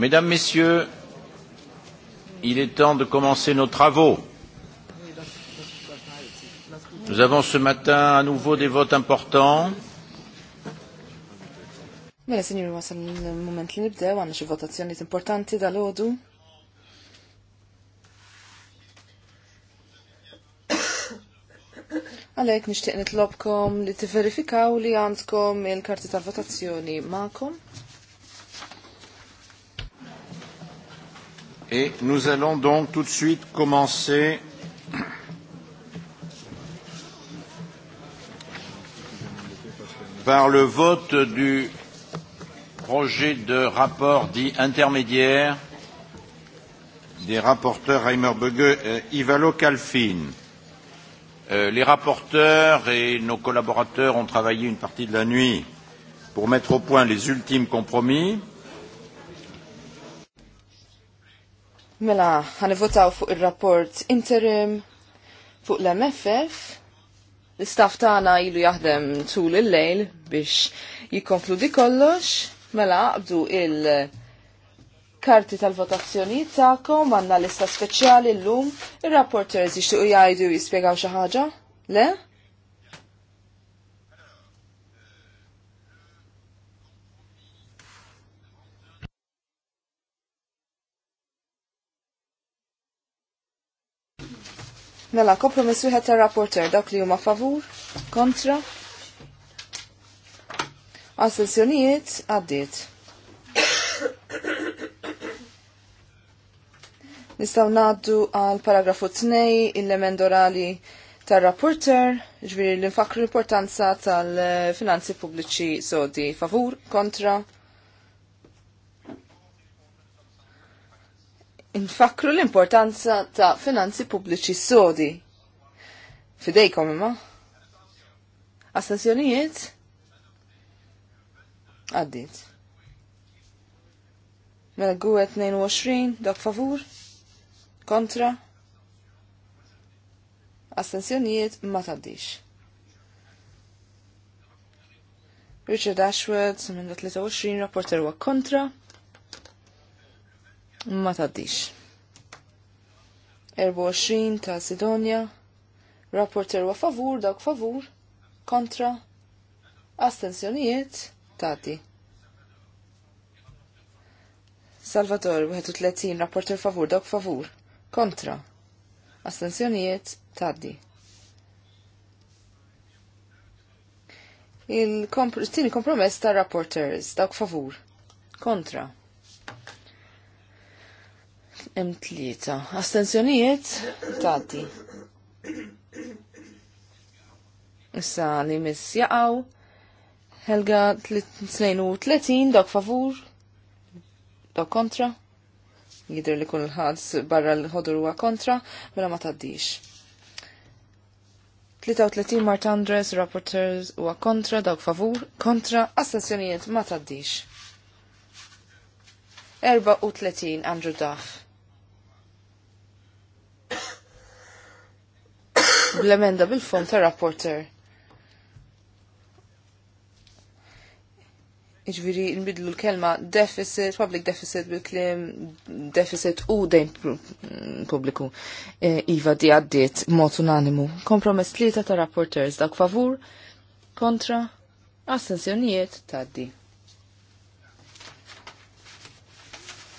Mesdames, Messieurs, il est temps de commencer nos travaux. Nous avons ce matin à nouveau des votes importants. Mela, signori, wasal il-moment li nibdew, għanna xie votazzjoni importanti dal-ħodu. Għalek, nishtiq nitlobkom li t-verifikaw li għandkom il-karti tal-votazzjoni ma'kom. Et nous allons donc tout de suite commencer par le vote du projet de rapport dit intermédiaire des rapporteurs Reimer Böge et Ivalo Calfin. Euh, les rapporteurs et nos collaborateurs ont travaillé une partie de la nuit pour mettre au point les ultimes compromis Mela, ħanivotaw fuq il-rapport interim fuq l-MFF. L-istaff tagħna ilu jaħdem tul il-lejl biex jikkonkludi kollox. Mela, qabdu il- karti tal-votazzjoni ta'kom għanna ista speċjali l-lum, il-rapporters jixtuqu jgħidu jispiegaw xaħġa? Le? Mela, kompromiss wieħed tar rapporter dawk li huma favur, kontra, astensjonijiet għaddiet. Nistaw naddu għal paragrafu 2 il-emendorali tar rapporter ġviri l-infakru l-importanza tal-finanzi pubbliċi sodi favur, kontra, infakru l-importanza ta' finanzi pubbliċi sodi. Fidejkom imma. Astenzjonijiet? Għaddit. Mela għuet 22, dak favur? Kontra? Astenzjonijiet ma taddix. Richard Ashworth, minn 23, rapporter wa kontra ma taddix. 24 ta' Sidonja, rapporter wa favur, dawk favur, kontra, astensjonijiet, tati. Salvator, 31, rapporter favur, dawk favur, kontra, astensjonijiet, tati. Il-tini kompromess ta' rapporters, dawk favur, kontra, Hemm tlieta. Astenzjonijiet tati. Issa li miss jaqgħu. Helga 32 dok favur. Dok kontra. Jidher li kull ħadd barra l-ħodur huwa kontra, mela ma tgħaddix. 33 Mart Andres, rapporteurs huwa kontra, dawk favur, kontra, astensjonijiet ma taddix. 34 Andrew Duff. l-emenda bil-fond ta' rapporter. Iġviri, nbidlu l-kelma deficit, public deficit bil-klim, deficit u dejn mm, publiku. E, iva di għaddiet mod unanimu. Kompromess tlieta ta' rapporters dak favur, kontra, assenzjonijiet ta' di.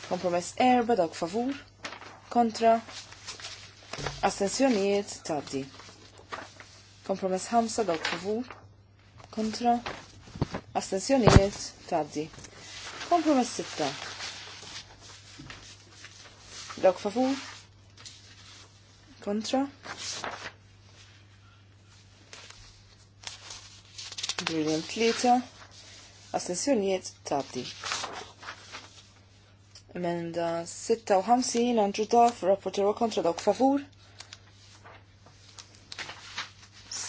Kompromess erba dak favur, kontra, astensjonijiet ta' di. Kompromess 5 dawk favur kontra astensjonijiet taddi. Kompromess 6 dawk favur kontra Brilliant 3 astensjonijiet taddi. Emenda 56 Andrew Duff, rapporteru kontra dawk favur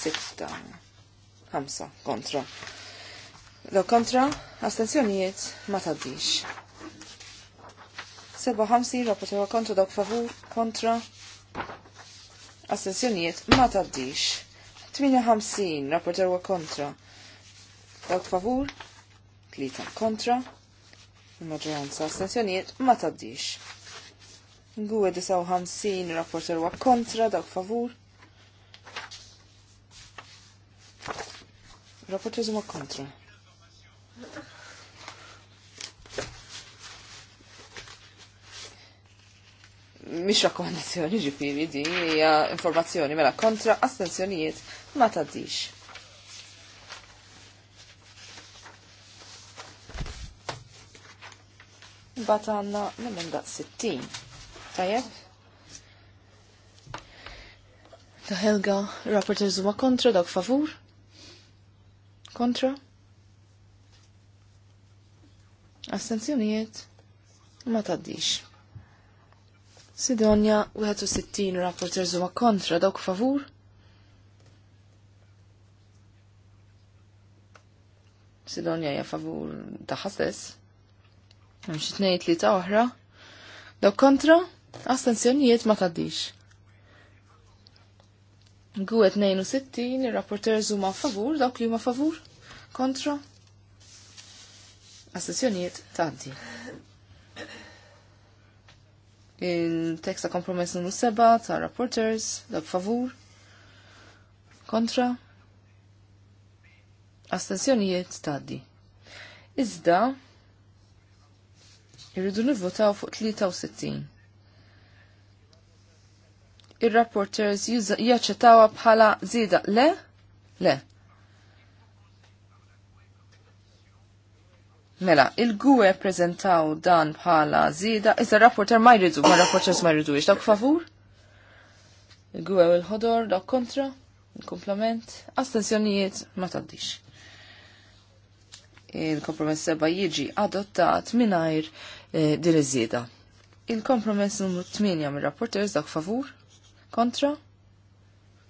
sitta, ħamsa, kontra. Lo kontra, astenzjonijiet ma taddix. Seba ħamsi, rapportewa kontra dawk favur, kontra, astenzjonijiet ma taddix. 58, rapportewa kontra, dawk favur, klita kontra, il-maġġoranza astenzjonijiet ma taddix. Gwe 59, wa kontra, dak favur, Rapporter kontra. Mhix rakkomandazzjoni ġifiri di hija informazzjoni mela kontra astenzjonijiet ma tgħaddix. Bata għandna l-emenda 60. Tajab? Ta' Helga, rapporterżu huma kontra dawk favur? kontra astenzjonijiet ma taddix. Sidonja 61 rapporter ma kontra dawk favur. Sidonja ja favur taħasess. Mxitnejt li ta' oħra. Dawk kontra astenzjonijiet ma taddix. Gu 62, il-rapporter zuma favur, dawk li ma favur, kontra. Assessjoniet, tanti. Il-teksta kompromess numru 7 ta' rapporters, dawk favur, kontra. Assessjoniet, tanti. Iżda, irridu nivvotaw fuq 63 il-rapporters jaċċettawha bħala żieda Le? Le. Mela, il-gwe prezentaw dan bħala zida, iżda rapporter ma jridu, ma rapporters ma jridu, dak favur? Il-gwe u il-ħodor, dak kontra, il-komplement, astensjonijiet, ma taddix. Il-kompromess seba jiġi adottat minajr eh, din iż-żieda. Il-kompromess numru 8 mir rapporters dak favur? kontra,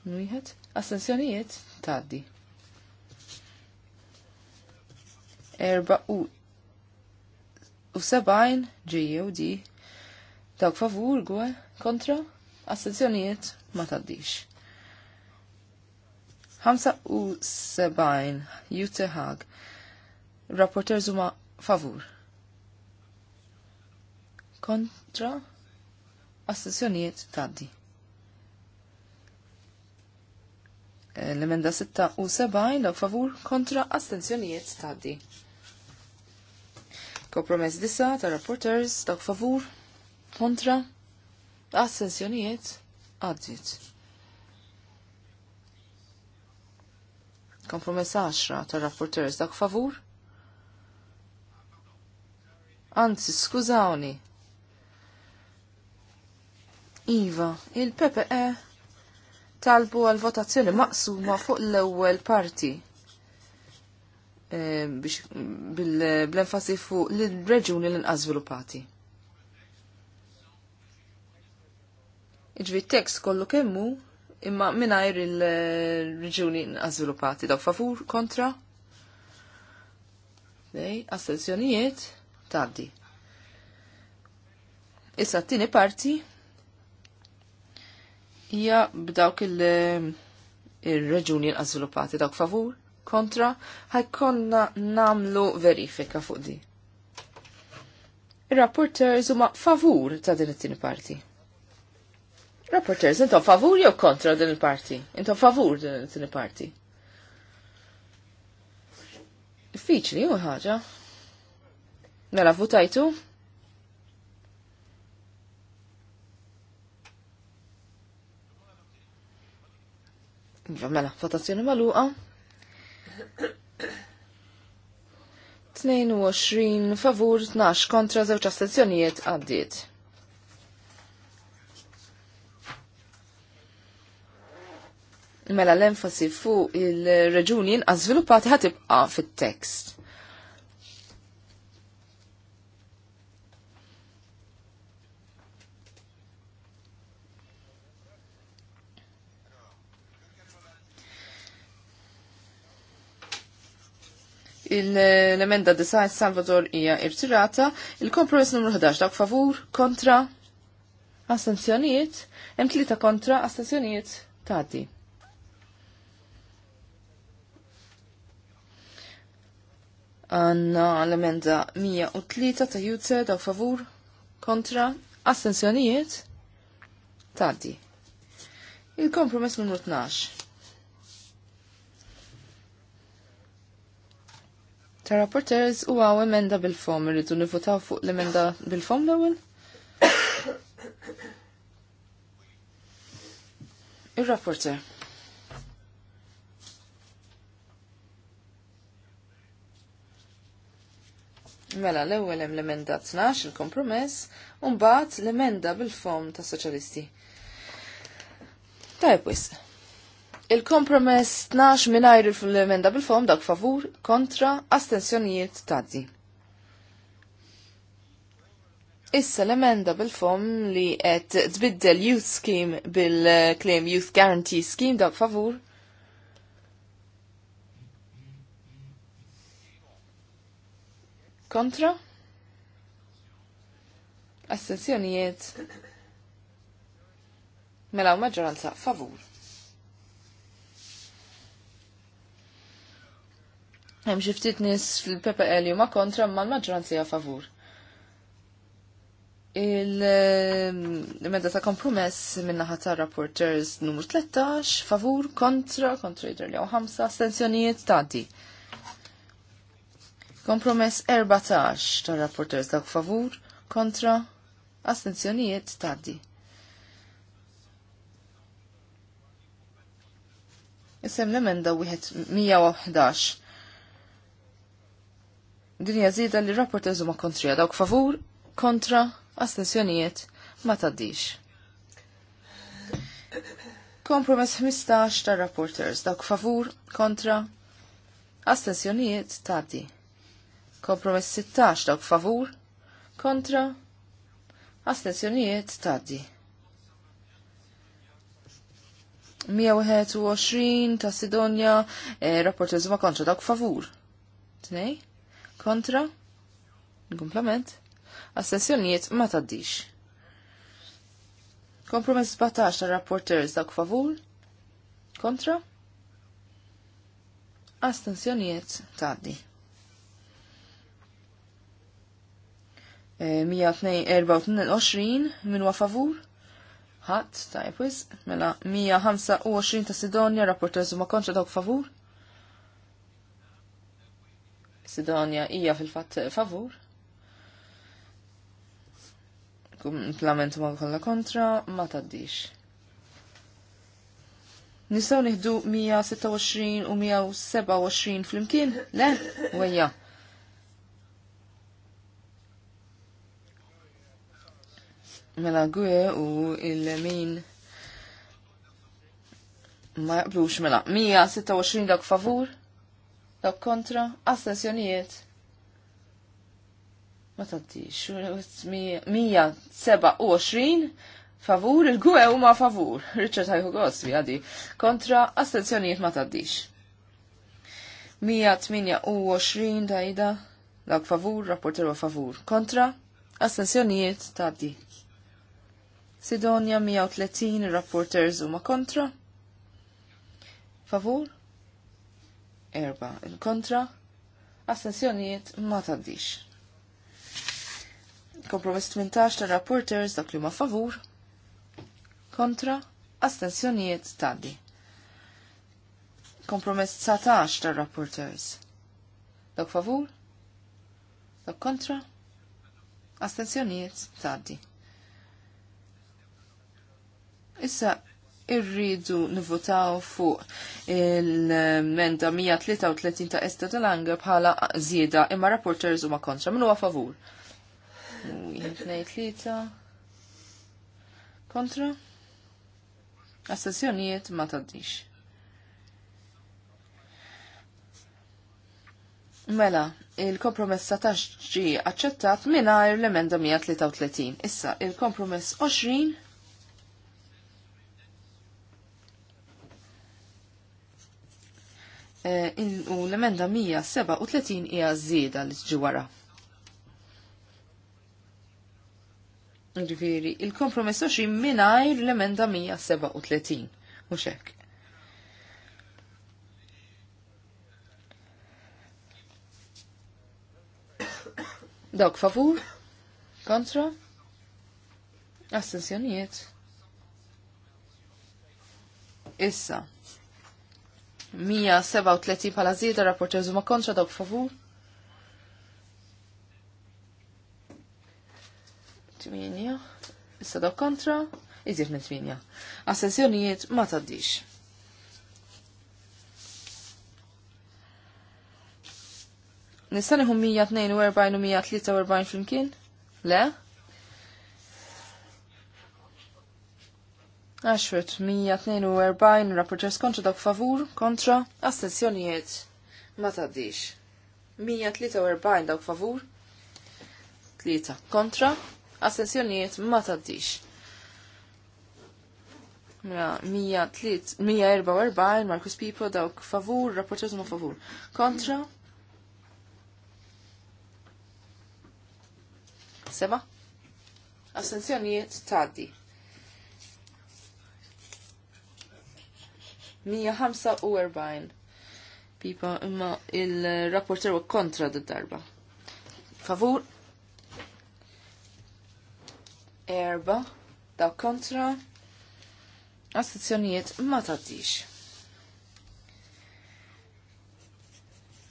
wieħed, Assenzjonijiet? taddi. Erba u u sebajn u di dawk favur gwe kontra assenzjonijiet ma taddix. 75 Jute Hag. Rapporter Zuma favur. Kontra assenzjonijiet taddi. L-emenda 6 u 7 l favur kontra astenzjonijiet taddi. Kompromess disa ta' rapporters ta' favur kontra astenzjonijiet għaddit. Kompromess 10 ta' rapporters ta' favur Anzi, skużawni. Iva, il-PPE talbu għal votazzjoni maqsuma fuq l-ewwel parti e, biex bil-enfasi fuq l-reġuni l-inqas sviluppati. Iġvi tekst kollu kemmu imma minajr il-reġuni inqas sviluppati. Daw favur kontra? Dej, astenzjonijiet taddi. Issa t-tini parti hija b'dawk il-reġuni il reġuni l azviluppati dawk favur, kontra, ħajkonna namlu verifika fuq di. Il-rapporters huma favur ta' din it-tieni parti. Rapporters, intom favur jew kontra din il-parti? Intom favur din it tini parti. Fiċli u ħaġa. Mela votajtu? Mela, votazzjoni maluqa. 22 favur 12 kontra żewġ astenzjonijiet għaddiet. Mela l-enfasi fuq il-reġuni inqas ħatibqa' fit-tekst. l-emenda design Salvador hija irtirata, il-kompromess numru 11 dak favur kontra astenzjonijiet, hemm tlieta kontra astenzjonijiet tagħti. Għanna l-emenda 103 ta' jutse dak favur kontra astenzjonijiet tagħti. Il-kompromess numru 12 ta' rapporters u għaw emenda bil-fom, rridu nifutaw fuq l-emenda bil-fom l-ewel? Il-rapporter. Mela l-ewwel hemm l-emenda 12 il-kompromess u mbagħad l-emenda bil-fom ta' soċjalisti. Tajb wisq. Il-kompromess 12 minajr il-emenda bil-fom dak favur kontra astensjonijiet tazzi. Issa l-emenda bil-fom li qed tbiddel Youth Scheme bil-Claim Youth Guarantee Scheme dak favur kontra astensjonijiet mela maġġoranza favur. Hemm xi ftit nies fil-PPL ma' kontra ma l-maġġoranza hija favur. Il-medda ta' kompromess minnaħa ta' rapporters numru 13, favur, kontra, kontra jidr li ħamsa, astensjonijiet tati. Kompromess 14 ta' rapporters dak favur, kontra, astenzjonijiet tati. Isem l-emenda 111 Dinja zida li rapport ma kontri dawk favur, kontra, astensjonijiet, ma taddix. Kompromess 15 ta' rapporters dawk favur, kontra, astensjonijiet taddi. Kompromess 16 dawk favur, kontra, astensjonijiet taddi. 121 ta' Sidonja, eh, rapporters ma kontra dawk favur. Tnej? kontra, komplement, astensjonijiet ma taddix. Kompromess 17 ta' rapporters dak favur, kontra, astensjonijiet taddi. 124 e, minn favur, ħadd mela, ta' mela 125 ta' Sidonja rapporters ma kontra dak favur, Sidonja hija fil-fatt favur. Komplement ma kollha kontra ma taddix. Nistgħu nieħdu 126 u 127 flimkien? Le, wejja. Mela gwe u il-min ma jaqblux mela 126 dak favur Dok kontra, assessjonijiet. Ma taddix, 127 favur, il-gwe huma favur, Richard ħajħu gosbi għadi, kontra astenzjonijiet ma taddix. 128 dajda, dak favur, rapporter wa favur, kontra astenzjonijiet taddi. Sidonia 130, rapporter huma kontra, favur, erba il-kontra, astensjonijiet ma taddix. Kompromess 18 ta' rapporters dak li ma favur, kontra, astensjonijiet taddi. Kompromess 19 ta' rapporters. Dak favur, dak kontra, astensjonijiet taddi. Issa irridu nivvotaw fuq il-menda 133 ta' Esta Delanga bħala zjeda imma rapporters huma kontra. Min huwa favur? Kontra? Assessjonijiet ma taddix. Mela, il-kompromess ta' ġi aċċettat minna l-emenda 133. Issa, il-kompromess 20 Eh, u l-emenda 137 hija żieda li tġi wara. Ġifiri, il-kompromess 20 minajr l-emenda 137, mhux hekk. Dawk favur? Kontra? Astensjonijiet? Issa, 137 pala zida rapporter zuma kontra dawk favur. 8, issa dawk kontra, iżir minn 8. Assenzjonijiet ma taddix. Nistani hum 142 u 143 flimkien? Le? 10-142 rapporters kontra dak favur kontra astenzjonijiet ma taddix. 143 dak favur 3 kontra astenzjonijiet ma taddix. Mela, 144, Markus Pipo, dawk favur, rapporters ma favur. Kontra? Seba? Astenzjonijiet taddi. 145 pipa imma il-rapporter huwa kontra d-darba. Favur erba da kontra astazzjonijiet ma taddix.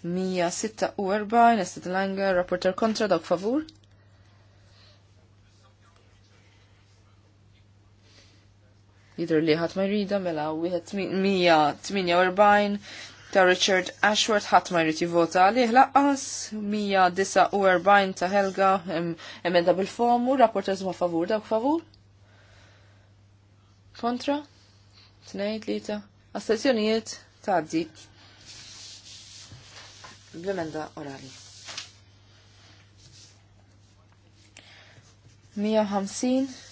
146 Estet Langer, rapporter kontra dawk favur jidher li ħat ma jrida mela wieħed 148 ta' Richard Ashworth ħadd ma jrid jivvota għalih laqqas 149 ta' Helga emenda bil-fomu, rapporters ma' favur dawk favur. Kontra? Tnejn tlieta. ta' tgħaddi. Bl-emenda orali. 150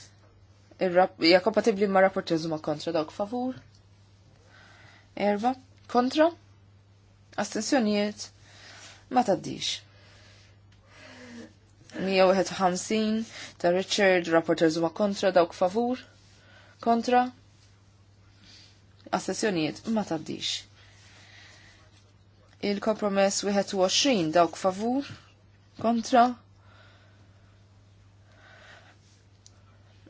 Ja kompatibli ma' rapporti ma' kontra dawk favur. Erba, kontra, Astensjoniet? ma taddix. 151 ta' Richard, rapporti ma' kontra dawk favur, kontra, Astensjoniet? ma taddix. Il-kompromess 21 dawk favur, kontra,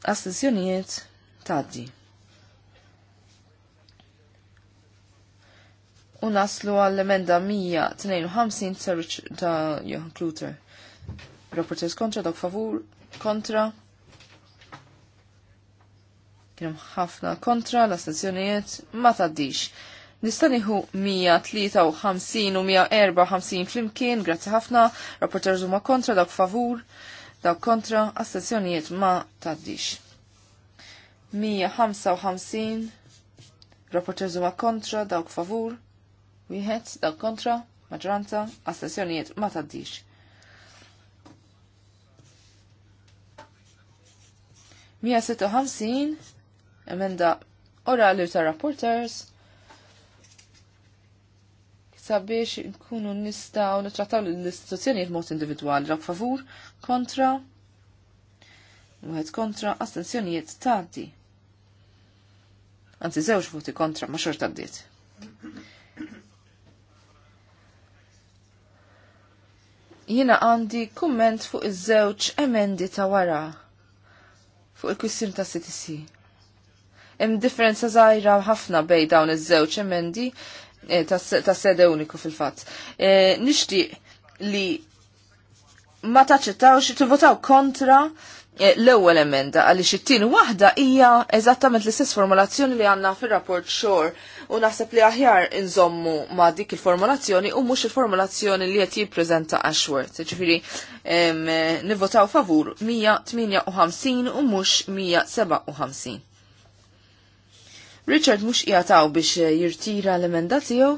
astensjonijiet taddi. U naslu għall-emenda 152 ta' Johan Kluter. Rapporters kontra, dak favur, kontra. Kienem ħafna kontra, l-astensjonijiet ma taddix. Nistaniħu 153 u 154 flimkien, grazzi ħafna, rapporters huma kontra, dak favur, daw kontra astensjonijiet ma taddix. 155 rapporter huma kontra dawk favur, wieħed dawk kontra maġranza astensjonijiet ma taddix. 56, emenda orali ta' rapporters sabiex nkunu nistaw nitrattaw l-istituzzjonijiet f'mod individwali rak favur kontra Wieħed kontra astensjonijiet tgħaddi. Anzi żewġ voti kontra ma xorta bdiet. Jiena għandi kumment fuq iż-żewġ emendi ta' wara fuq il-kwissim ta' CTC. Hemm differenza żgħira ħafna bej dawn iż-żewġ emendi Eh, ta' sede uniku fil-fat. Eh, Nishti li ma taċċettawx tivvotaw kontra eh, l-ewwel emenda għaliex it-tieni waħda hija eżattament l-istess formulazzjoni li għandna fir-rapport xor u naħseb li aħjar inżommu ma' dik il-formulazzjoni u mhux il-formulazzjoni li qed jippreżenta Ashworth. Ġifieri nivvotaw favur 158 u mhux 157. Richard mux jgħataw biex jirtira l-emenda tiegħu.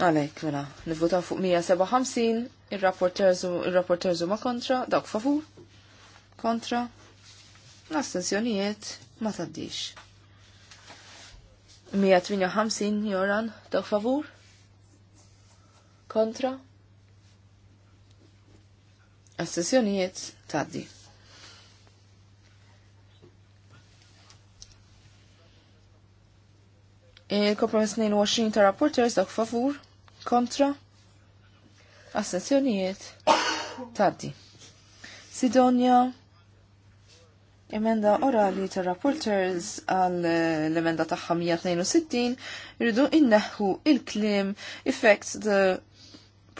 Għalek, mela, nivvotaw fuq 157, il-rapporterżu ma kontra, dawk favur, kontra, l astenzjonijiet ma taddix. 158 joran, dawk favur, kontra, astenzjonijiet taddi. Il-kompromess 22 ta' rapporters dak favur kontra assenzjonijiet taddi. Sidonia Emenda orali ta' rapporters għal l-emenda ta' 162 irridu inneħu il-klim effects the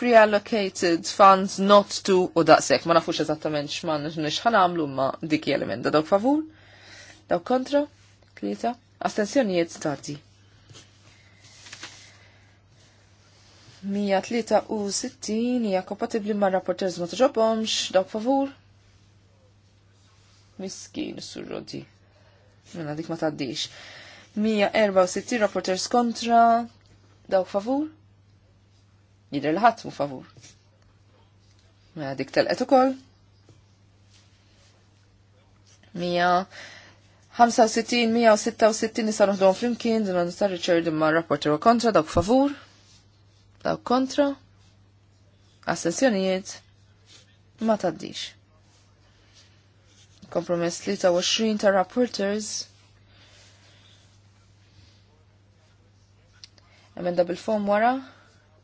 pre-allocated funds not to u daqsek. Ma nafux eżattament x'man nixħan għamlu ma dikja l-emenda. Dawk favur? Dawk kontra? Klieta? Astensjonijiet tardi. 163 hija kompatibbli ma' rapporters ma toġobhomx, dawk favur. Miskin surrodi. Minna mela, dik ma taddix. 164 rapporters kontra, dawk favur. Jidher li ħadd mu favur. Mela dik telqet ukoll. 165, 166 nisa noħdom flimkien, din għandu ta' Richard imma rapporter kontra, dawk favur. Dawk kontra. Astenzjonijiet ma taddix. Kompromess li ta' rapporters. Emenda bil-fom wara.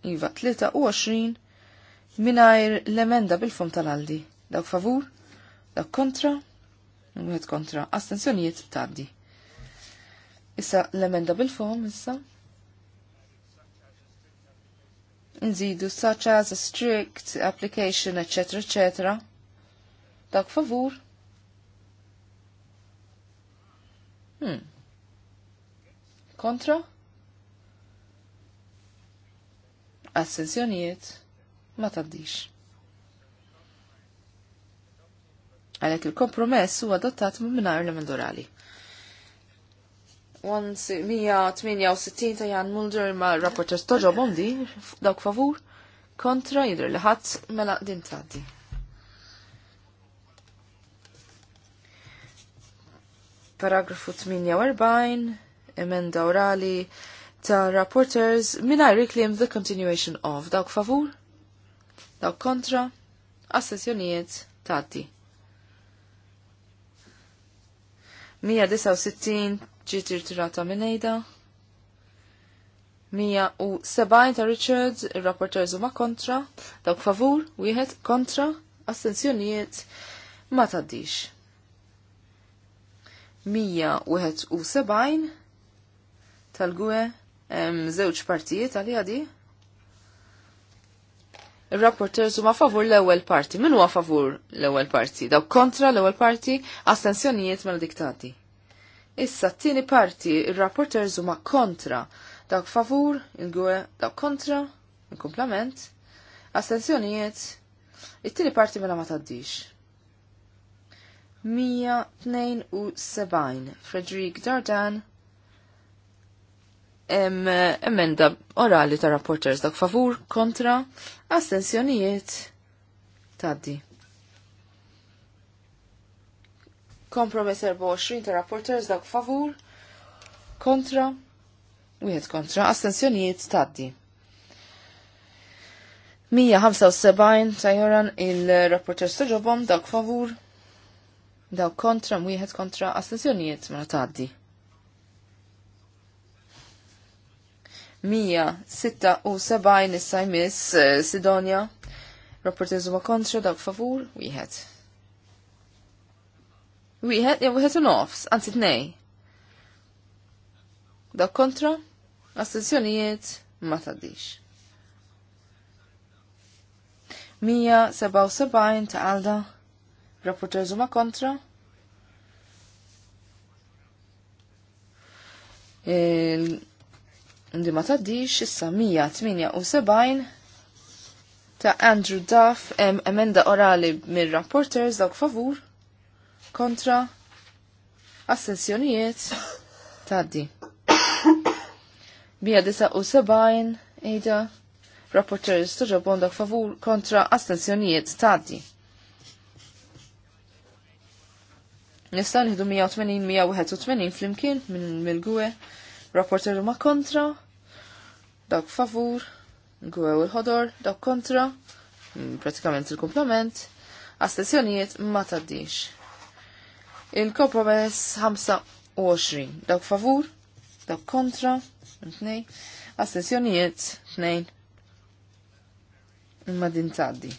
Iva 20 minajr l-emenda bil-fom tal-aldi. Dawk favur, dawk kontra, mwet kontra, astenzjonijiet taddi. Issa l-emenda bil-fom, issa nżidu such as a strict application, etc., etc. Dak favur. Hmm. Kontra? Assenzjonijiet ma taddix. Għalek il-kompromess huwa adottat minn minar l-emendorali. 168 ta' Jan Mulder ma' rapporter stoġo bondi, dawk favur, kontra jidr li ħadd mela din tati. Paragrafu 48, emenda orali ta' rapporters minna reclaim the continuation of dawk favur, dawk kontra, assessjonijiet tati. 169 ġiet irtirata minn Ejda. sebajn ta' Richards, il-rapporter ma' kontra, dawk favur, wieħed kontra, astenzjonijiet ma taddix. sebajn tal-gwe zewċ partijiet għal jadi. Il-rapporter ma' favur l-ewwel parti. Min huwa favur l-ewwel parti? Dawk kontra l-ewwel parti, astenzjonijiet mal-diktati. Issa t-tieni parti il rapporter huma kontra dak favur, il-gwe dak kontra, il-komplement, astenzjonijiet, it-tieni parti mela ma taddix. 172 Frederic Dardan em, emenda orali ta' rapporters dak favur kontra astenzjonijiet taddi. Kompromess 24 ta' rapporters dawk favur, kontra, wieħed kontra, astensjonijiet taddi. 175 ta' joran il-rapporters toġobom dawk favur, dawk kontra, wieħed kontra, astensjonijiet ma' taddi. 176 issa sajmis eh, Sidonia, rapporters ma' kontra, dawk favur, wieħed Wieħed jew wieħed u nofs, anzi tnej. Dak kontra, astenzjonijiet ma tgħaddix. 177 ta' għalda, rapporter ma kontra. Ndi ma tgħaddix issa 178 ta' Andrew Duff, emenda orali mir-rapporters dawk favur kontra assenzjonijiet taddi. Bija 79 ejda Rapporteri tuġa bondak favur kontra astenzjonijiet taddi. Nista' nieħdu 180-181 flimkien minn mill-gwe rapporteri ma' kontra, dak favur, gwe u l-ħodor, dak kontra, mm, pratikament il-komplement, astenzjonijiet ma taddix. Il-kompromess 25. Dawk favur, dawk kontra, tnej, astensjonijiet, tnejn. Imma din taddi.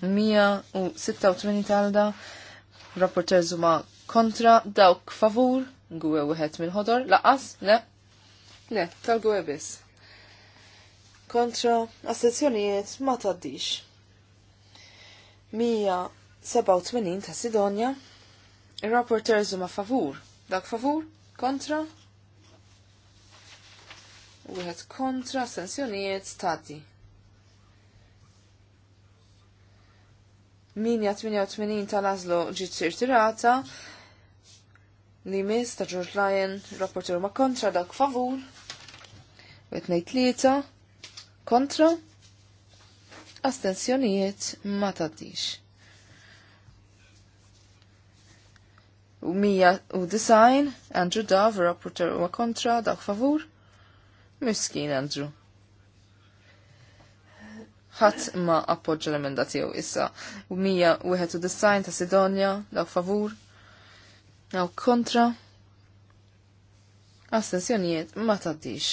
186 talda, rapporter zuma kontra, dawk favur, gwe wieħed mill-ħodor, laqas, le, le, tal-gwe biss. Kontra, astensjonijiet, ma taddix. 87 ta' Sidonja. Il-rapporters huma favur. Dak favur? Kontra? Wieħed kontra sanzjonijiet stati. Minja 88 tal-azlo ġiet tirata, li mis ta' George Lyon, rapporter ma' kontra dak favur, u ngħid lieta, kontra, astensjonijiet ma' taddix. mija u design, Andrew Dove, rapporter u kontra, dak favur. Miskin Andrew. Ħadd ma appoġġa l-emenda tiegħu issa. U mija wieħed u design ta' Sidonja, dak favur. Aw kontra. Astensjonijiet ma taddix.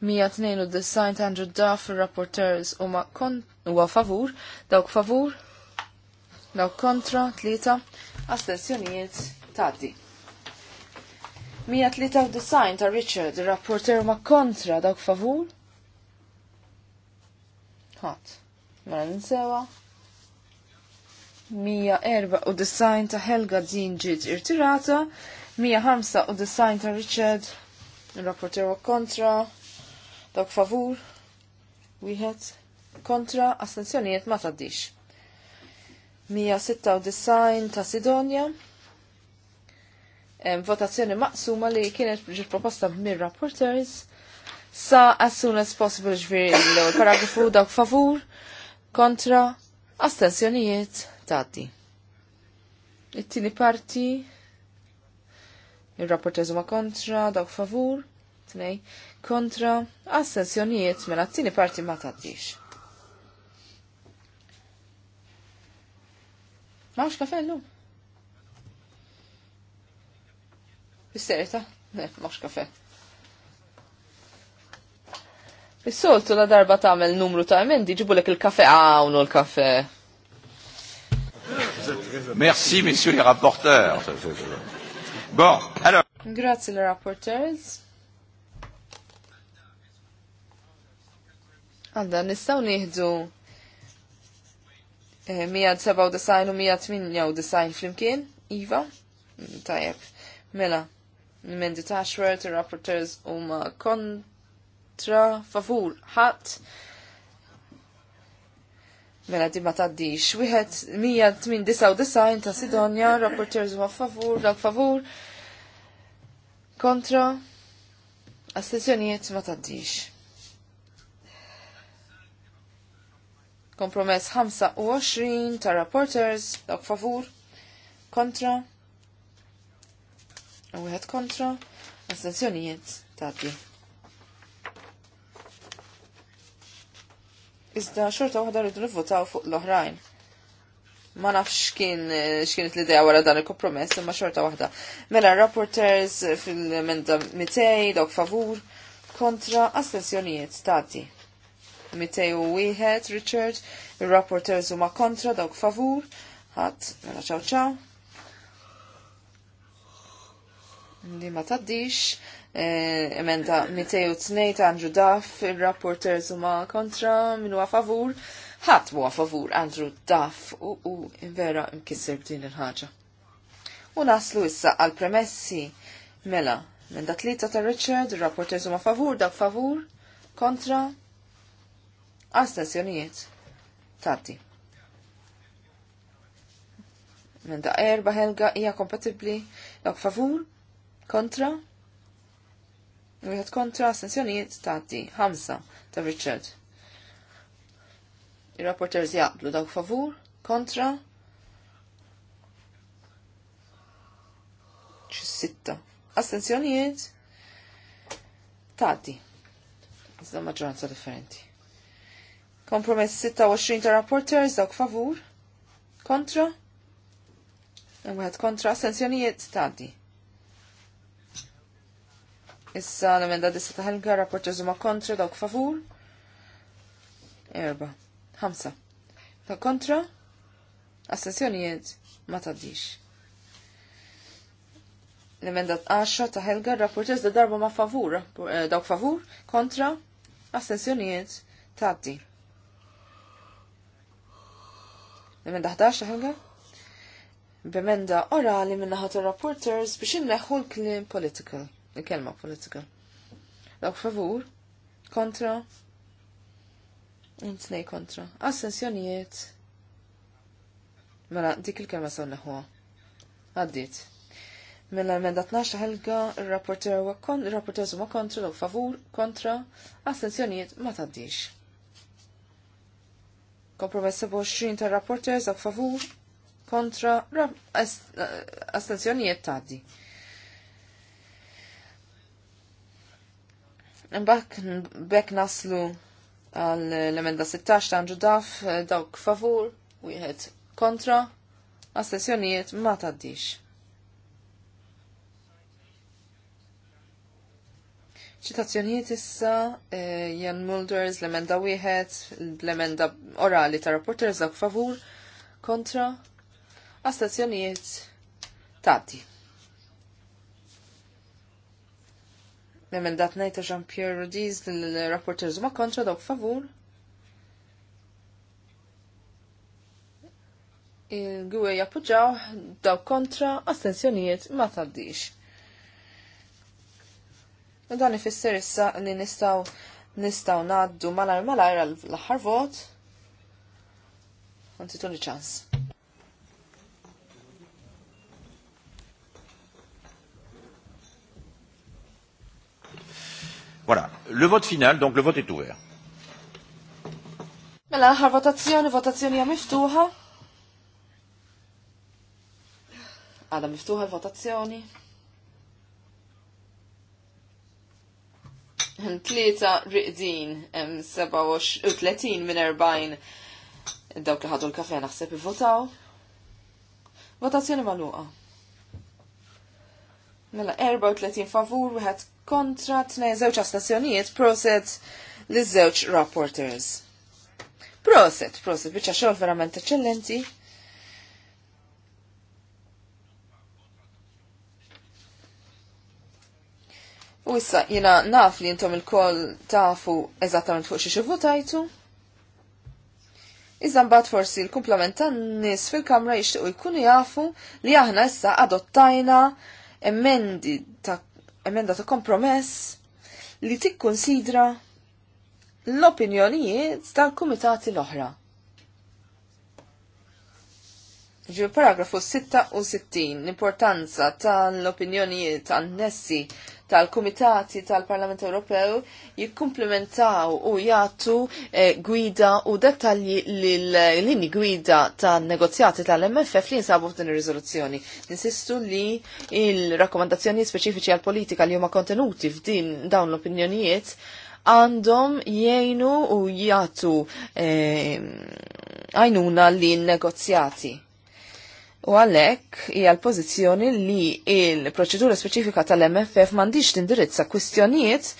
102 u design ta' Andrew Duff, rapporters u ma kon u favur, dawk favur, dawk kontra, tlieta, astensjonijiet taddi. 193 ta' Richard, rapporter ma' kontra dawk favur? Mija erba u design ta' Helga din ġiet u design ta' Richard, rapporter ma' kontra, dawk favur, mela wieħed kontra, astenzjonijiet ma' taddix. 196 ta' Sidonja. Votazzjoni maqsuma li kienet ġi proposta mir rapporters sa as soon as possible ġviri l-paragrafu dawk favur kontra astensjonijiet tati. It-tini parti il-rapporters ma kontra dawk favur tnej kontra astensjonijiet mela t-tini parti ma tatix. Maħx kafellu? Bisserta? Ne, maħx kafe. Is-soltu la darba tagħmel numru ta' emendi diġibu lek il-kafe għawnu l-kafe. Merci, messieurs les rapporteurs. Bon, alors. Grazie, les rapporteurs. Għadda, nistaw nieħdu 197 u 198 flimkien, Iva, tajab, mela, mendi taxwert, rapporters u ma kontra, favur, ħat, mela di ma taddi xwihet 198 ta' Sidonja, rapporters u ma favur, dak favur, kontra, assessjoniet ma xwihet. Kompromess 25 ta' rapporters, dok favur, kontra, u għed kontra, astenzjonijiet tati. Iżda xorta waħda rridu nivvotaw fuq l-oħrajn. Ma nafx kien eh, xkienet l-idea wara dan il-kompromess, imma xorta waħda. Mela rapporters fil-menda 200, dawk favur, kontra ta' stati. 201 Richard, il-rapporters huma kontra dawk favur, ħadd mela ċaw ċaw. Li ma taddix, eh, emenda 202 ta' Andrew Duff, il-rapporters huma kontra, min huwa favur, ħadd huwa favur Andrew Duff u, u vera mkisser din il-ħaġa. U naslu issa għal-premessi mela minn dak li ta' Richard, il-rapporters huma favur, dak favur, kontra, Astenzjonijiet tati. Menda erba Helga hija kompatibbli dawk favur kontra Wieħed kontra astenzjonijiet tati. Ħamsa ta' Richard. Ir-rapporters jaqblu dawk favur kontra xi sitta. Astenzjonijiet tati. Iżda maġġoranza differenti. Kompromess 26 ta' rapporters dawk favur. Kontra. Għed kontra assenzjonijiet taddi. Issa l-emenda dissa ta' Helga rapporters huma kontra dawk favur. Erba. ħamsa. Ta' kontra. Assenzjonijiet ma taddix. L-emenda 10 ta' Helga rapporters da darba ma' favur. Eh, dawk favur. Kontra. assenzjonijiet taddi. Emenda 11 ħaga? B'emenda orali minna ħatu rapporters biex inneħħu l-klim political, l-kelma political. Dawk favur? Kontra? Intnej kontra. Assenzjonijiet? Mela, dik il-kelma saw neħwa. Għaddit. Mela emenda 12 ħelga, il-rapporter huwa kontra, il-rapporter kontra, dawk favur, kontra, assenzjonijiet ma taddix. Kompromess 27 ta' rapporters a favur kontra astenzjonijiet taddi. Mbak bek naslu għal l-emenda 16 ta' Andrew Duff dawk favur, wieħed kontra, astensjonijiet ma taddix. Ċitazzjonijiet issa eh, Jan Mulders, l-emenda wieħed, l-emenda orali ta' rapporters dawk favur, kontra, astazzjonijiet tati. L-emenda tnejta Jean-Pierre Rodiz, l-rapporters ma kontra dawk favur, il-gwe jappoġġaw daw kontra astazzjonijiet ma taddix. U dan ifisser issa li nistaw nistaw naddu malar malar l-aħħar vot. Għanti tuni ċans. Voilà, le vote final, donc le vote est ouvert. Mela, ħar votazzjoni, votazzjoni hija miftuħa. Għada miftuħa l-votazzjoni. Tlieta riqdin 37 minn 40 dawk li ħadu l-kafe naħseb ivvotaw. Votazzjoni magħluqa. Mela 34 favur, wieħed kontra, tnejn żewġ astazzjonijiet proset li żewġ rapporters. Proset, proset, biċċa xogħol verament eċċellenti. U issa jina naf li jintom il-koll tafu eżattament fuq xie votajtu. Iżda mbagħad forsi l-kumplament tan-nies fil-Kamra jixtiequ jkunu jafu li aħna issa adottajna emendi ta' emenda ta' kompromess li tikkunsidra l-opinjonijiet tal-kumitati l-oħra. Ġu paragrafu 66, l-importanza tal-opinjonijiet nessi tal-Kumitati tal-Parlament Ewropew jikkumplementaw u jagħtu eh, gwida u dettalji l-linji gwida tan-negozjati tal-MFF li jinsabu f'din ir-riżoluzzjoni. Insistu li il-rakkomandazzjoni speċifiċi għal-politika li huma kontenuti f'din dawn l-opinjonijiet għandhom jgħinu u jgħatu eh, għajnuna eh, li negozjati. U għalek hija l-pożizzjoni li il-proċedura speċifika tal-MFF m'għandix tindirizza kwistjonijiet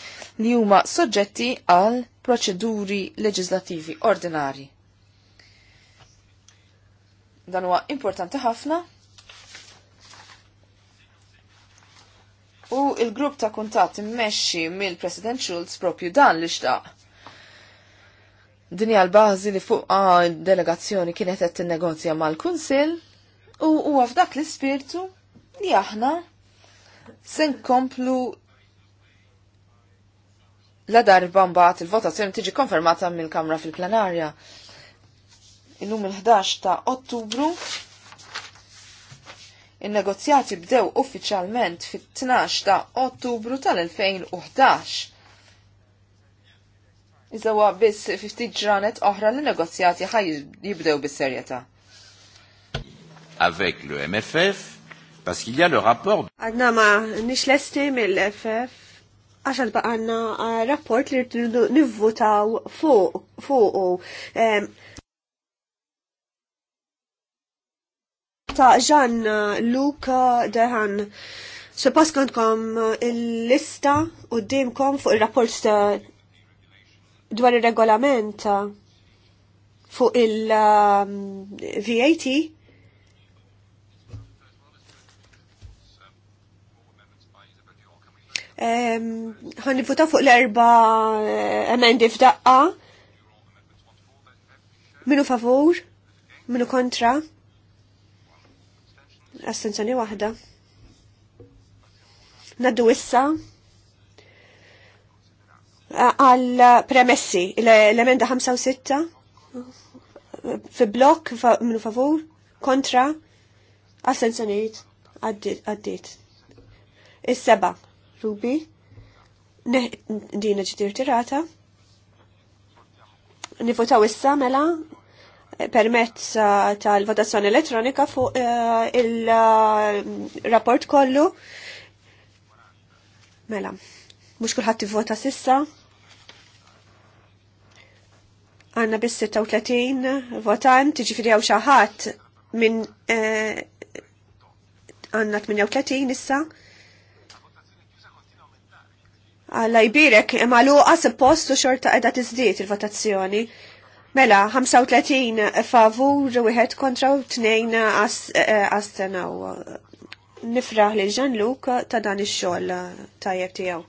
li huma soġġetti għal proċeduri leġislativi ordinari. Dan huwa importanti ħafna u il-grupp ta' kuntat immexxi mill-President Schulz propju dan li xtaq dinja l-bazi li fuq ah, delegazzjoni kienet qed tinnegozja mal-Kunsill U huwa f'dak l-ispirtu li aħna se nkomplu la darba mbaħt il-votazzjoni tiġi konfermata mill-Kamra fil-Plenarja. Illum il-11 ta' Ottubru in-negozjati bdew uffiċjalment fit-12 ta' Ottubru tal-2011. Iżawa biss ftit ġranet oħra li negozjati ħaj jibdew bis-serjetà avec le MFF, parce qu'il y a le rapport. Għadna ma nix l-estim il-FF, għax għalba għanna rapport li rridu nivvutaw fuq u. ta' ġan Luka Dehan. Suppost kontkom il-lista u d-dimkom fuq il-rapport dwar il-regolament fuq il-VAT ħan nifuta fuq l-erba eh, emendi f'daqqa. Minu favur, minu kontra. Astenzjoni waħda. Naddu issa għal premessi l-emenda 56? fi blok minu favur kontra Astenzjoni għaddit. Is-seba' mitlubi Dina ġitir tirata. Nivotaw issa mela permezz uh, tal-votazzjoni elettronika fuq uh, il-rapport kollu. Mela, mux kullħat vota sissa. Għanna bis 36 votant, ġifiri għaw xaħat minn uh, għanna 38 issa. Alla imma luqa suppost u xorta edha tiżdiet il-votazzjoni. Mela, 35 favur, wieħed kontra u tnejn eh, astenaw. Nifraħ li Ġanluk ta' dan ix-xogħol tajjeb tiegħu.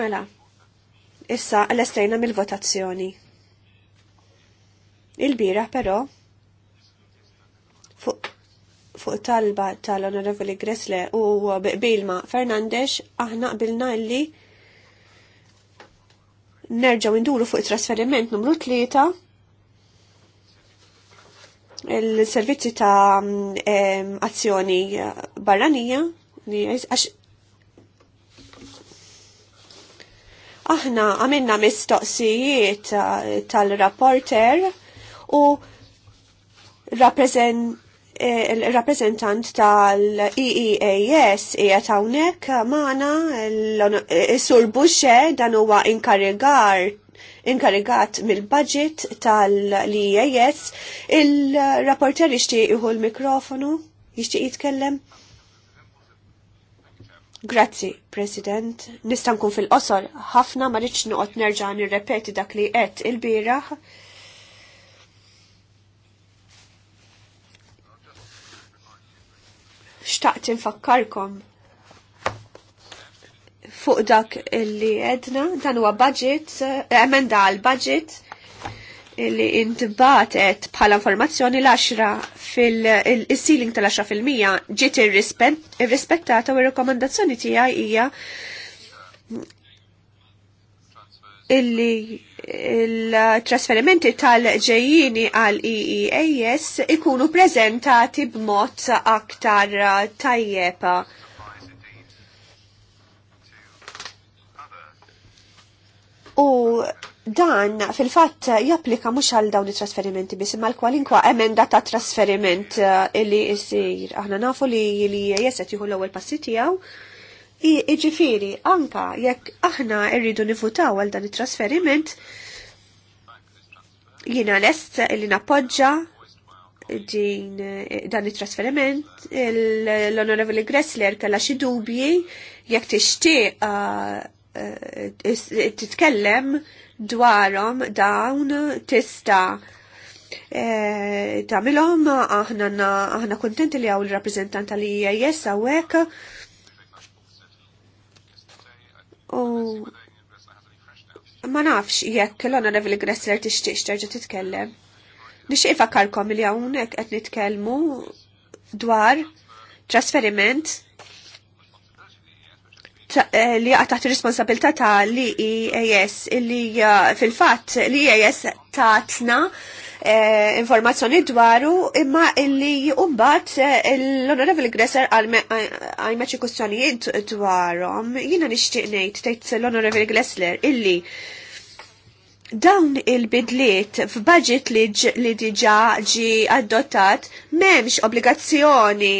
Mela, issa l estajna mill-votazzjoni. Il-bira però fuq fuq talba tal-Onorevoli Gressle u bilma Fernandez aħna qbilna li nerġaw induru fuq trasferiment numru 3 il-servizzi ta' azzjoni barranija aħna għamilna mistoqsijiet eh, tal-rapporter u rappresent il-rappresentant tal-EEAS hija hawnhekk magħna is-Sur Buxe dan huwa inkarigar inkarigat mill-budget tal-EEAS il-rapporter jixtieq iħu l-mikrofonu jixtieq jitkellem. Grazzi, President. Nista' nkun fil-qosor ħafna ma rridx noqgħod nerġa' nirrepeti dak li qed il-bieraħ. il bieraħ xtaqt nfakkarkom fuq dak illi edna, dan huwa budget, eh, emenda għal budget illi intbatet bħala informazzjoni l-10 fil-ceiling tal-10% ġiet irrispettata u r rekomandazzjoni tiegħi hija illi il-trasferimenti tal-ġejjini għal EEAS ikunu prezentati b'mod aktar tajjeb. U dan fil-fatt japplika mhux għal dawn it-trasferimenti biss imma l-kwalinkwa emenda ta' trasferiment eh, illi jsir. Aħna nafu li li jeset e jieħu l-ewwel passi tiegħu Iġifiri, anka jekk aħna rridu nifutaw għal dan it-trasferiment, jina lest li nappoġġa din dan it-trasferiment l-Onorevoli Gressler kalla xi dubji jekk tixtieq uh, uh, titkellem dwarhom dawn tista' eh, tamilom aħna kontenti kuntenti li hawn il-rappreżentant tal-IAS hawnhekk U ma nafx jekk l-onorevoli Gressler tixtieq terġa' titkellem. Nixtieq fakkarkom li hawnhekk qed nitkellmu dwar trasferiment eh, li għata taħt responsabilità ta' li EAS li fil-fatt li EAS tatna Eh, informazzjoni dwaru imma illi umbat eh, l-Honorable Gresser għal meċi kustjonijiet dwarom jina nishtiq nejt tejt l-Honorable Gressler illi dawn il-bidliet f'budget li diġa ġi adottat memx obbligazzjoni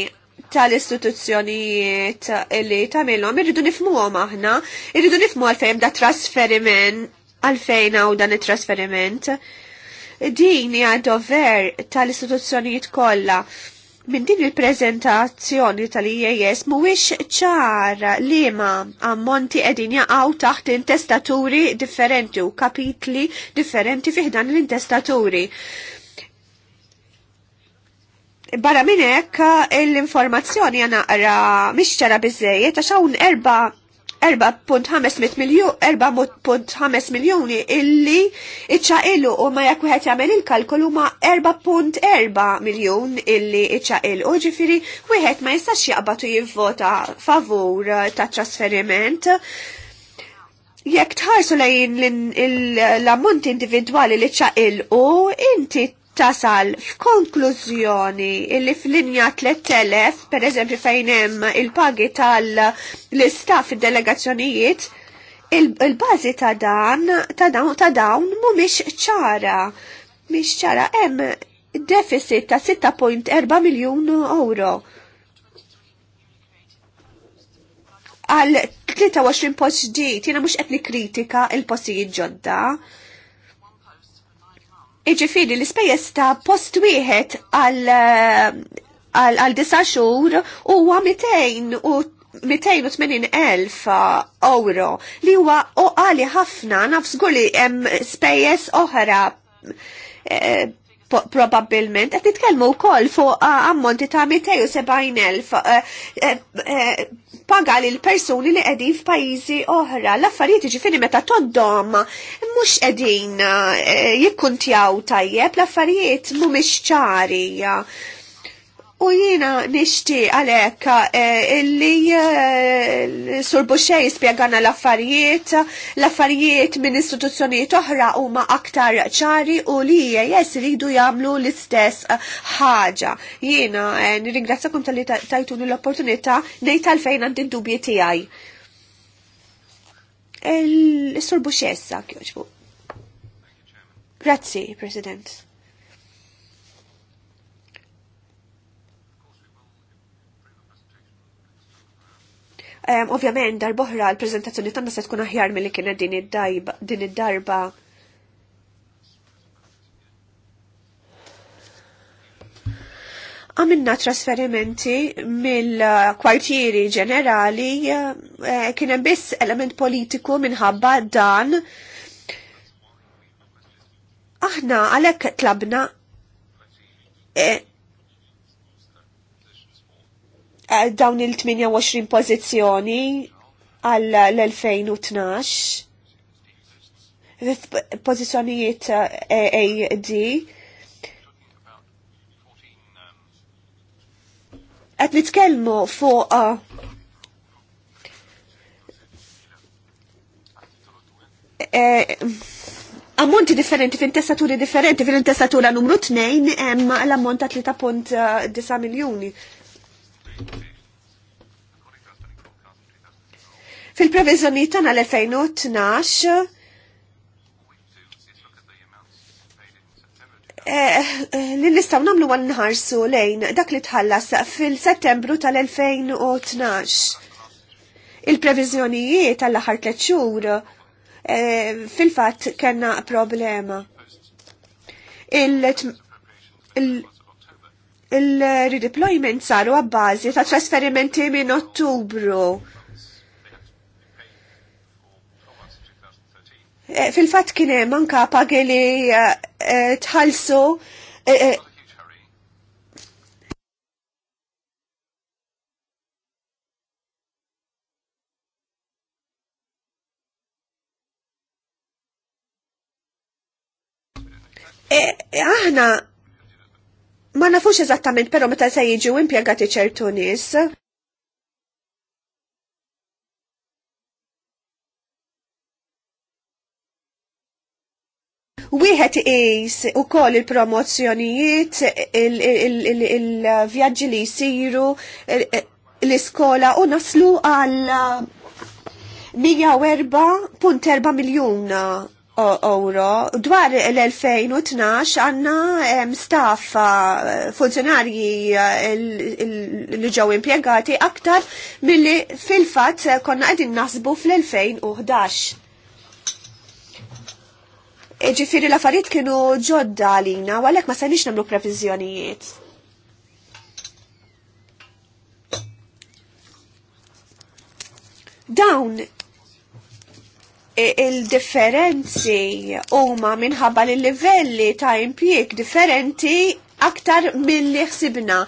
tal-istituzzjonijiet li tamilom irridu nifmuhom aħna, irridu nifmu għalfejn da trasferiment għalfejn għaw dan it-trasferiment. Din hija dover tal-istituzzjonijiet kollha minn din il-prezentazzjoni tal-IAS mhuwiex ċar li ma ammonti qegħdin jaqgħu taħt intestaturi differenti u kapitli differenti fih dan l-intestaturi. Barra minn hekk l-informazzjoni naqra mhix ċara biżejjed għax hawn erba' 4.5 miljoni illi iċċaqilu u ma jekk wieħed jagħmel il-kalkolu ma 4.4 miljoni illi iċċaqilu. Ġifieri wieħed ma jistax jaqbatu jivvota favur eh, ta' trasferiment. Jekk tħarsu lejn l-ammont individwali li ċaqil u inti tasal f'konklużjoni illi f'linja 3000, per eżempju fejn hemm il-pagi tal-istaff id-delegazzjonijiet, il-bażi ta' dan ta' dawn ta' dawn mhumiex ċara. Mhix ċara hemm deficit ta' 6.4 miljun euro. Għal 23 post ġdid, jiena mhux qed kritika il-postijiet ġodda Iġifiri l-ispejjeż ta' post wieħed għal għal disa xhur huwa 280.000 euro li huwa oqali ħafna nafs li hemm spejjeż oħra eh, probabbilment qed u wkoll fuq uh, ammonti ta' 270,000 uh, uh, paga lil persuni li qegħdin f'pajjiżi oħra. L-affarijiet jiġifieri meta toddom mhux qegħdin jikkuntjaw tajjeb, l-affarijiet mhumiex ċari. U jina nishti għalek eh, illi eh, surbu xej spiegana l-affarijiet, l-affarijiet minn istituzzjonijiet oħra huma aktar ċari u li jes ridu jamlu l-istess eh, ħaġa. Jina nirringrazzakom tal-li tajtuni l-opportunità nejt għalfejn għandi dubji tiegħi. Surbu xej issa kjoġbu. Grazzi, President. Ovvjament, darboħra l-prezentazzjoni tagħna se tkun aħjar milli kienet din id-darba. Għamilna trasferimenti mill-kwartieri ġenerali eh, kien hemm biss element politiku minħabba dan. Aħna għalhekk tlabna eh, Eh, dawn il-28 pozizjoni għall l-2012. Pozizjonijiet eh, AAD. Għet nitkelmu fuq eh, ammonti differenti fin tessaturi differenti fin tessatura numru 2 l-ammont ta' 3.9 miljoni. Fil-previżjoni tagħna l-2012 eh, li nistaw namlu għal nħarsu lejn dak li tħallas fil-settembru tal-2012. Il-previżjonijiet tal-aħħar tliet xhur eh, fil-fatt kellna problema il-redeployment saru għabbazi ta' trasferimenti minn ottubru. Eh, fil-fat kienem anka pagi li eh, eh, tħalsu aħna Ma nafux eżattament però meta se jiġu impjegati ċertu nies. Wieħed iqis ukoll il-promozzjonijiet, il-vjaġġi li jsiru, l-iskola u naslu għal 104.4 miljuna euro. Dwar l-2012 għanna staff eh, funzjonarji eh, li ġew impjegati aktar milli fil-fatt eh, konna qegħdin nasbu fl-2011. Ġifiri l-affarijiet kienu ġodda għalina, u għalhekk ma sanix nagħmlu previżjonijiet. Dawn il-differenzi huma minħabba li livelli ta' impjieg differenti aktar mill-li ħsibna.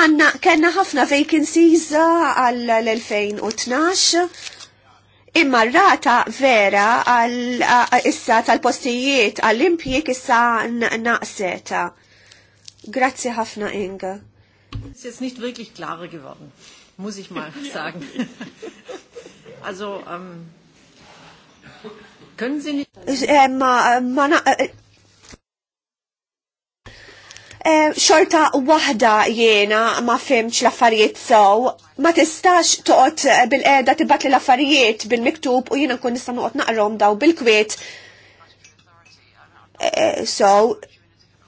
Għanna kena ħafna vacancies għal 2012 imma rata vera għal issa tal-postijiet għall-impjek issa naqseta. Grazzi ħafna Inga. Ist jetzt nicht wirklich klarer geworden, muss ich mal sagen. also, ähm, Können Sie nicht... Eh, ma, ma, eh, eh. xorta wahda jiena ma fimx l-affarijiet ma tistax toqgħod bil-qeda tibat li l-affarijiet bil-miktub u jiena nkun nista' noqgħod naqrom daw bil-kwiet. So,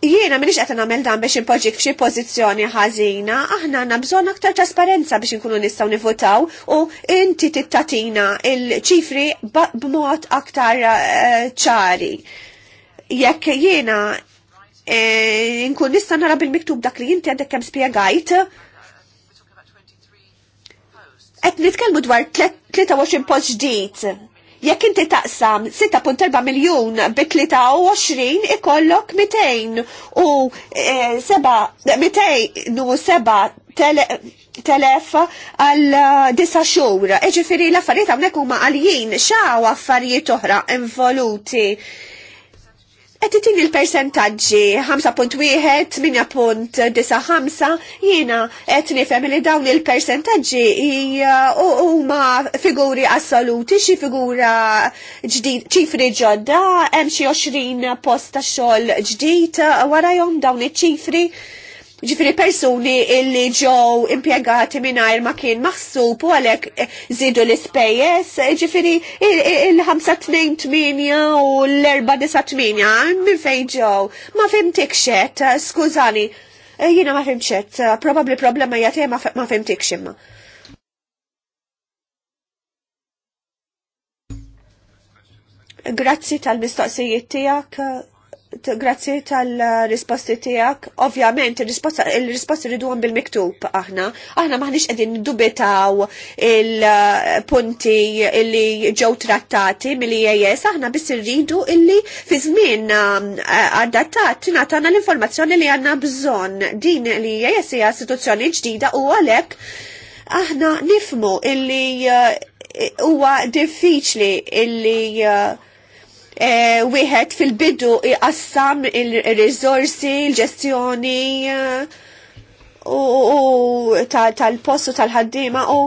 Jiena minix qed nagħmel dan biex impoġġik f'xi pożizzjoni ħażina, aħna għandna bżonn aktar trasparenza biex inkunu nistgħu nivutaw u inti tittatina il-ċifri b'mod aktar eh, ċari. Jekk jiena eh, nkun nista' nara bil-miktub dak li jinti għandek kemm spjegajt, qed nitkellmu dwar 23 post ġdid Jekk inti taqsam 6.4 miljun bi 23 ikollok 200 u 7 e, telef għal e, disa xhur. Eġifieri l-affarijiet hawnhekk huma għaljin x'għaw affarijiet oħra involuti. Et itini l-percentagġi 5.1, 8.95, jiena et nifem li dawn il-percentagġi huma figuri assoluti, xi figura ġdid, ċifri ġodda, hemm xi 20 post ta' xogħol ġdid warajhom dawn iċ-ċifri ġifiri persuni illi ġew impiegati mingħajr ma kien maħsub u għalhekk eh, żidu l-ispejjeż, eh, ġifiri il-528 u l-498 minn fejn ġew. Ma fimtik xed, eh, skużani, jiena ma fimxet, probabbli problema jagħti ma fimtik ximma. Grazzi tal-mistoqsijiet tiegħek Grazzi tal-risposti tijak. Ovvjament, il-risposti ridu għan bil-miktub aħna. Aħna maħnix edin dubitaw il-punti illi ġew trattati mill-IAS. Aħna biss rridu illi fi żmien um, adattat natana l-informazzjoni li għanna bżon. Din li IAS hija istituzzjoni ġdida u għalek aħna nifmu illi uh, huwa diffiċli illi uh, Eh, wieħed fil-bidu iqassam il-rizorsi, il-ġestjoni eh, u tal-postu tal-ħaddima u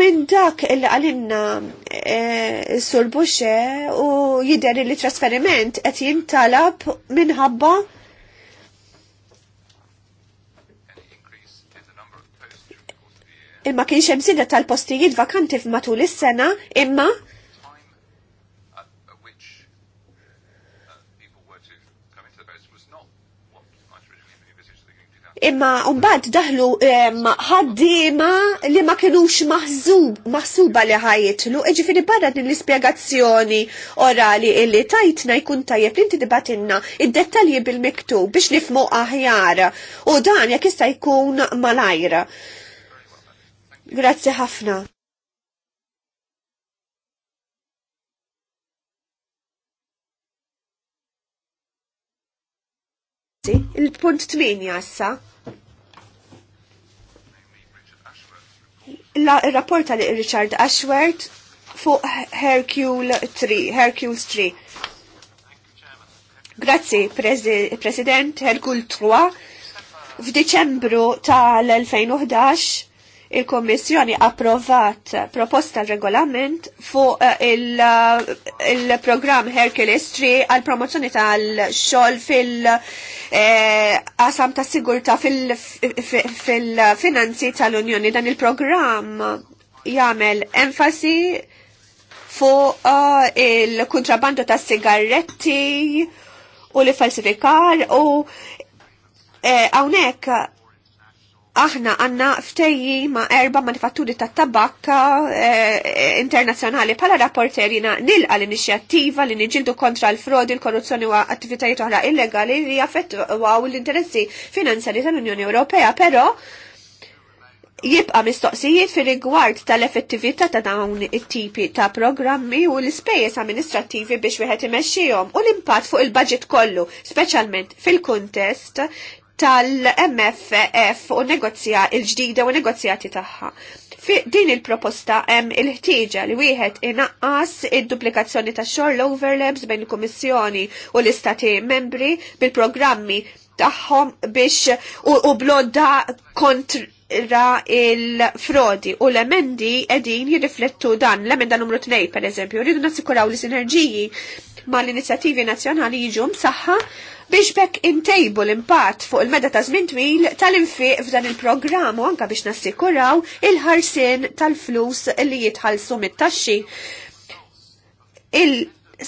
minn dak il-għalinna eh, Sur buxe u jider li trasferiment qed jintalab minħabba imma kienx hemm tal-postijiet vakanti f'matul is-sena imma imma mbagħad daħlu ħaddiema li ma kinux maħsuba li ħajitlu, iġifieri e barra din l-ispjegazzjoni orali illi tajtna jkun tajjeb li inti dibatinna id-dettalji bil-miktub biex nifmu aħjar u dan jekk jista' jkun malajra. Grazzi ħafna. il-punt 8 jassa. il rapporta li Richard Ashworth fuq Hercule 3, Hercules 3. Grazzi, President Hercule 3, f'Deċembru tal-2011 il-Kommissjoni approvat proposta regolament fuq eh, il-programm eh, Hercules 3 għal promozzjoni tal-xol fil-qasam eh, ta' sigurta fil-finanzi tal-Unjoni. Dan il-programm jagħmel enfasi fuq il-kontrabbando ta' sigaretti u li falsifikar u għawnek aħna għanna ftejji ma' erba manifatturi ta' tabakka eh, internazjonali pala rapporterina nilqa l-inixjattiva li nġildu kontra l-frodi, l-korruzzjoni u attivitajiet oħra illegali li jaffettwaw l-interessi finanzjali tal-Unjoni Ewropea, però jibqa' mistoqsijiet fir rigward tal-effettività ta' dawn it-tipi ta' programmi u l-ispejjeż amministrattivi biex wieħed imexxihom u l-impatt fuq il-budget kollu, speċjalment fil-kuntest tal-MFF u negozja il-ġdida u negozjati tagħha. Fi din il-proposta hemm il-ħtieġa li wieħed inaqqas id-duplikazzjoni ta' xogħol l-overlaps bejn il-Kummissjoni u l-Istati membri bil-programmi tagħhom biex u, u blodda kontr ra il-frodi u l-emendi edin jirriflettu dan l-emenda numru 2 per eżempju, rridu nassikuraw li sinerġiji ma l-inizjattivi nazzjonali jiġu msaħħa biex bekk intejbu l-impatt fuq il-meda ta' żmien twil tal-infiq f'dan il-programm u anka biex nassikuraw il-ħarsien tal-flus li jitħallsu mit-taxxi. Il-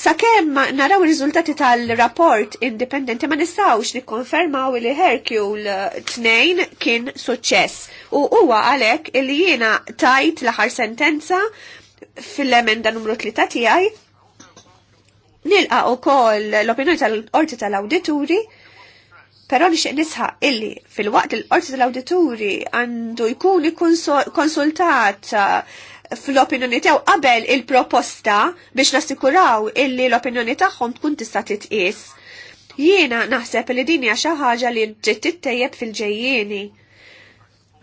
Sakemm naraw ir-riżultati tal-rapport indipendenti ma nistgħux nikkonfermaw li Hercule Tnejn kien suċċess u huwa għalhekk li jiena tajt l-aħħar sentenza fil-emenda numru 3 tiegħi nilqa u koll l-opinjoni tal-orti tal-awdituri, pero li xeq nisħaq illi fil-waqt l-orti tal-awdituri għandu jkun konsultat uh, fl-opinjoni tew qabel il-proposta biex nasikuraw illi l-opinjoni tagħhom tkun tista' titqies. Jiena naħseb li din hija xi ħaġa li ġittittejjeb fil-ġejjieni.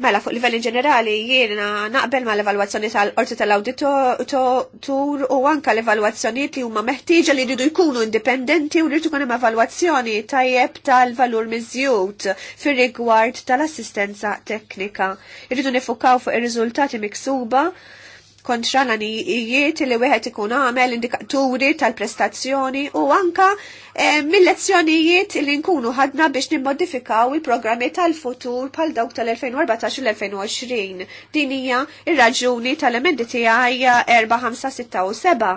Mela, fuq livell ġenerali, jiena naqbel ma l-evalwazzjoni tal-orti tal-auditor u anka l-evalwazzjoniet li huma meħtieġa li rridu jkunu indipendenti u rridu hemm evalwazzjoni tajjeb tal-valur miżjud fir-rigward tal-assistenza teknika. Irridu nifukaw fuq ir-riżultati miksuba kontra l-anijiet li wieħed ikun għamel indikaturi tal-prestazzjoni u anka eh, mill-lezzjonijiet li nkunu ħadna biex nimmodifikaw il-programmi tal-futur pal dawk tal-2014 u l-2020. Din hija ir-raġuni tal-emendi tiegħi 4567.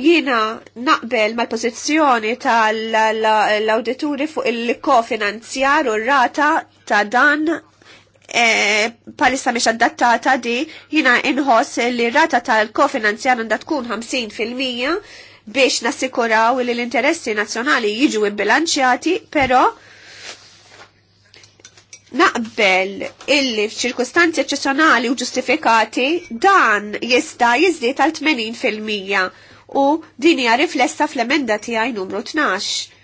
Jiena jina naqbel mal-pozizjoni tal-auditori fuq il-kofinanzjar u rata ta' dan E, palissa miex adattata di jina inħoss li rata tal-kofinanzjar għanda tkun 50% biex nassikuraw li l-interessi nazjonali jiġu imbilanċjati, pero naqbel illi f'ċirkustanzi eccezjonali u ġustifikati dan jista jizdiet għal 80% u din hija riflessa fl-emenda tiegħi numru 12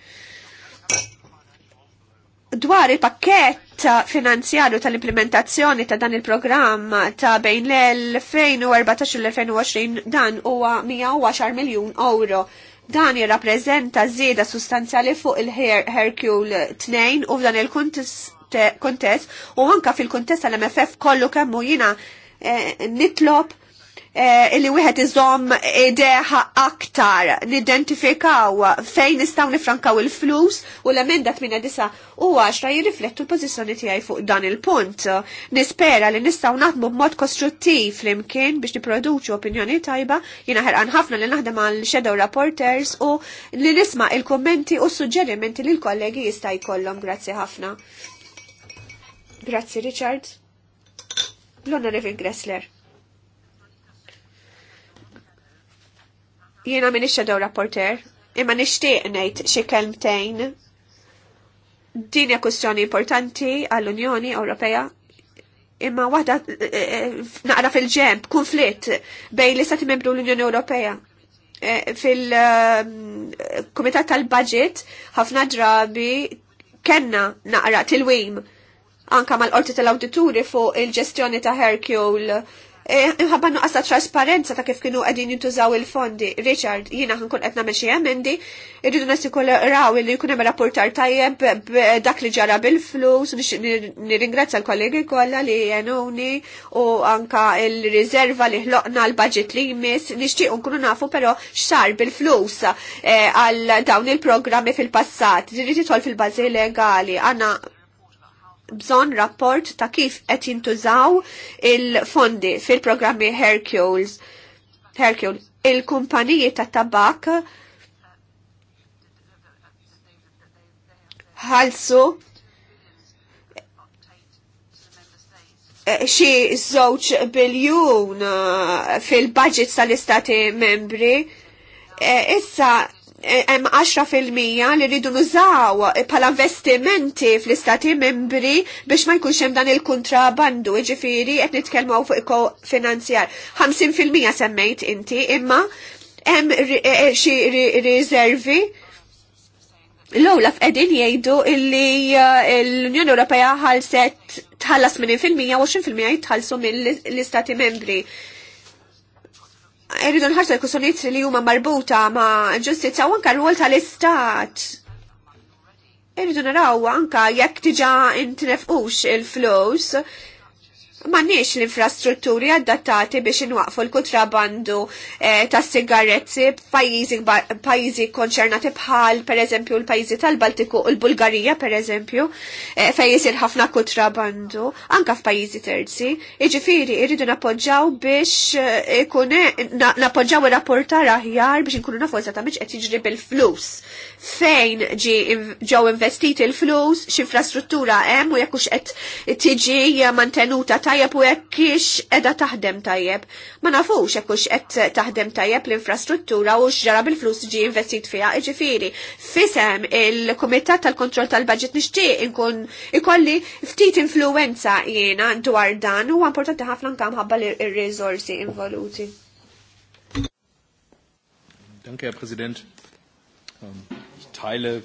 dwar il-pakket finanzjarju tal-implementazzjoni ta' dan il-programm ta' bejn l-2014 u l-2020 dan huwa 110 miljun euro. Dan jirrappreżenta żieda sustanzjali fuq il-Hercule 2 u f'dan il-kuntest u anka fil kontest tal-MFF kollu kemmu jina eh, nitlob Eh, illi wieħed iżom ideħa aktar nidentifikaw fejn nistgħu nifrankaw il-flus u l-emenda disa' u għaxra jirriflettu l-pożizzjoni tiegħi fuq dan il-punt. Nispera li nistgħu naħdmu b'mod kostruttiv flimkien biex nipproduċu opinjoni tajba jiena ħerqan ħafna li naħdem għal shadow rapporters u li nisma' il-kummenti u suġġerimenti li l-kollegi jista' jkollhom. Grazzi ħafna. Grazzi Richard. L-Honorable Gressler. Jiena ixċa daw rapporter, imma nixtieq ngħid xi kelmtejn. Din hija kwestjoni importanti għall-Unjoni Ewropea imma waħda eh, eh, naqra fil-ġemp, konflitt bejn l-Istati Membru l-Unjoni Ewropea. Eh, Fil-Kumitat tal-Budget ħafna drabi kenna naqra tilwim anka mal-qorti tal-awdituri fuq il-ġestjoni ta' Hercule Eh, imħabba nuqqas ta' trasparenza ta' kif kienu qegħdin jintużaw il-fondi. Richard, jiena ħankun qed nagħmel xi emendi, irridu nassikuraw li jkun hemm rapportar tajjeb dak li ġara bil-flus, nirringrazzja l-kollegi kollha li jenuni u anka l rizerva li ħloqna l-budget li jmiss, nixtieq nkunu nafu però x'sar bil-flus eh, għal dawn il-programmi fil-passat, ġiri jitħol fil-bażi legali, għanna bżon rapport ta' kif qed jintużaw il-fondi fil-programmi Hercules. Hercules, il-kumpaniji ta' tabak ħalsu xi żewġ biljun fil-budget tal-istati membri. E, issa hemm 10% li rridu nużaw bħala investimenti fl-istati membri biex ma jkunx hemm dan il-kontrabandu, jiġifieri qed nitkellmu fuq iko-finanzjar. 50% semmejt inti, imma hemm e, e, xi riservi l-ewla f'qegħdin jgħidu illi e, l-Unjoni Ewropea ħalset tħallas minn fil-mija u fil jitħallsu mill-istati membri. Irridu nħarsu l-kussoniet li huma marbuta ma' ġustizja u anka l-wol tal-istat. Eridu naraw anka jekk diġa intinefqux il-flows nix l-infrastrutturi adattati biex inwaqfu l-kutrabandu eh, ta' sigaretti pajizi konċernati bħal pereżempju l-pajjiżi tal-Baltiku u l-Bulgarija pereżempju eh, fejn jisir ħafna kutrabandu anka f'pajjiżi terzi. Jiġifieri jridu napoġġaw biex eh, eh napoġġaw ir-rapportar aħjar biex inkunu nafu eżattament qed jiġri bil-flus fejn ġew investiti l-flus, x'infrastruttura hemm u jekk hux qed tiġi mantenuta tajjeb u jekk hix qiegħda taħdem tajjeb. Ma nafux jekk hux qed taħdem tajjeb l-infrastruttura u x'ġara bil-flus ġi investit fiha. Jiġifieri, fisem il-Kumitat tal-Kontroll tal-Baġit nixtieq inkun ikolli ftit influenza jiena dwar dan huwa importanti ħafna nkam ħabba l-riżorsi involuti. Danke, Herr Präsident. Um teile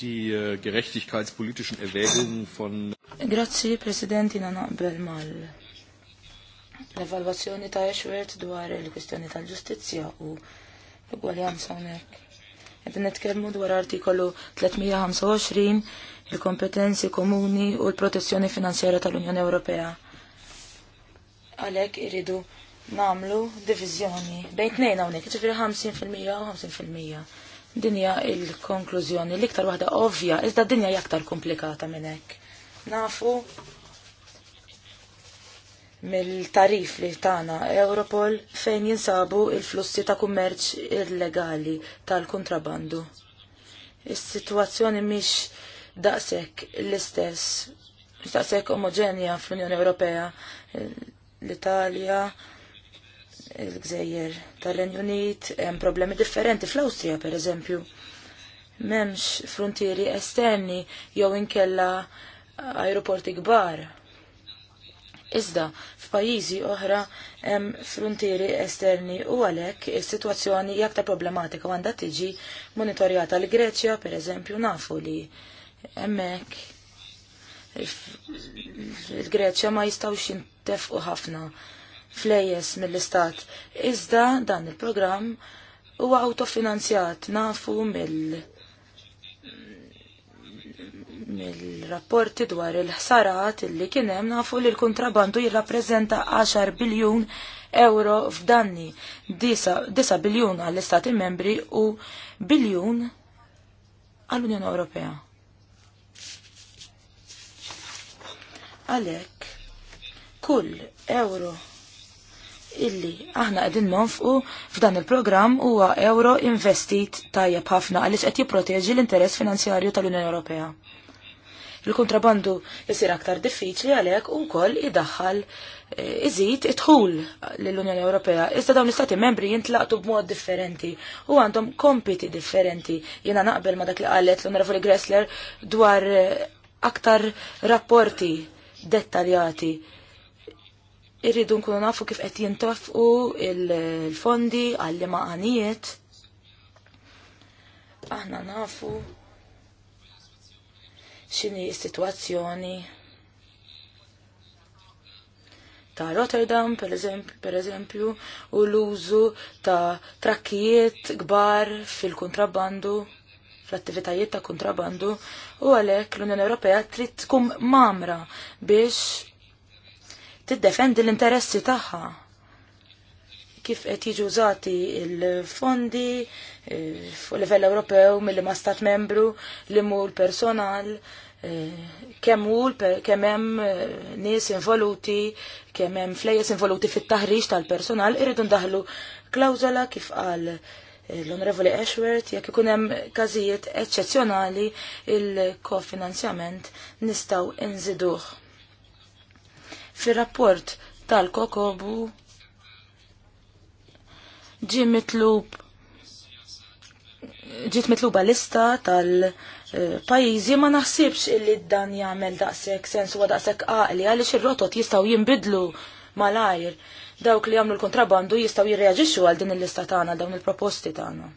die äh, gerechtigkeitspolitischen Erwägungen von. Grazie Presidenti, na naqbel mal l-evalwazzjoni ta' Eshwert dwar il-kwistjoni tal-ġustizzja u l-gwaljanza unek. Qed nitkellmu dwar artikolu 325 il-kompetenzi komuni u l-protezzjoni finanzjera tal-Unjoni Ewropea. Għalek iridu namlu divizjoni bejn tnejn unek, ġifieri 50% u 50%. Dinja il-konklużjoni l-iktar waħda ovvja, iżda dinja jaktar komplikata minn hekk. Nafu mill-tarif li tana Europol fejn jinsabu il-flussi ta' kummerċ illegali tal-kontrabandu. Is-sitwazzjoni mhix daqshekk l-istess, daqsek omogenja fl-Unjoni Ewropea l-Italja, il-gżejjer tal-Renju Unit hemm problemi differenti fl-Awstrija pereżempju. M'hemmx frontieri esterni jew inkella aeroporti kbar. Iżda f'pajjiżi oħra hemm frontieri esterni u għalhekk is-sitwazzjoni hija aktar problematika għandha tiġi monitorjata l-Greċja pereżempju nafu li hemmhekk il-Greċja ma jistawx jintefqu ħafna flejes mill-istat. Iżda dan il-programm huwa autofinanzjat nafu mill- mill-rapporti dwar il-ħsarat illi kien hemm nafu li l-kontrabandu jirrappreżenta 10 biljun euro f'danni, 9 biljun għall-Istati membri u biljun għall-Unjoni Ewropea. Għalhekk kull euro illi aħna qegħdin nonfqu f'dan il-programm huwa euro investit tajjeb ħafna għaliex qed jipproteġi l-interess finanzjarju tal-Unjoni Ewropea. Il-kontrabandu jisir aktar diffiċli għalhekk ukoll idaħħal e, iżid idħul lill-Unjoni Ewropea. Iżda dawn l-istati membri jintlaqtu b'mod differenti u għandhom kompiti differenti. Jiena naqbel ma dak li qalet l-Onorevoli Gressler dwar e, aktar rapporti dettaljati irridu nkunu nafu kif qed jintofqu il-fondi għall maqanijiet. Aħna nafu x'inhi s-sitwazzjoni ta' Rotterdam, per eżempju, per eżempju u l-użu ta' trakkijiet kbar fil-kontrabbandu, fl-attivitajiet ta' kontrabbandu, u għalhekk l-Unjoni Ewropea trid tkun mamra biex tiddefendi l-interessi tagħha kif qed jiġu użati l fondi eh, fuq livell Ewropew mill ma stat membru li mu personal eh, kemm hu kemm hemm eh, nies involuti, kemm hemm flejjes involuti fit-taħriġ tal-personal irridu ndaħlu klawżola kif qal l-Onorevoli Ashworth jekk ikun hemm każijiet eċċezzjonali il-kofinanzjament nistgħu inżiduh. Fir-rapport tal-Kokobu ġi mitlub ġiet mitluba lista tal-pajjiżi ma naħsibx illi dan jagħmel daqshekk sens huwa daqshekk għaqli għaliex ir-rotot jistgħu jinbidlu malajr dawk li jagħmlu l-kontrabandu jistgħu jirreaġixxu għal din il-lista tagħna dawn il-proposti tagħna.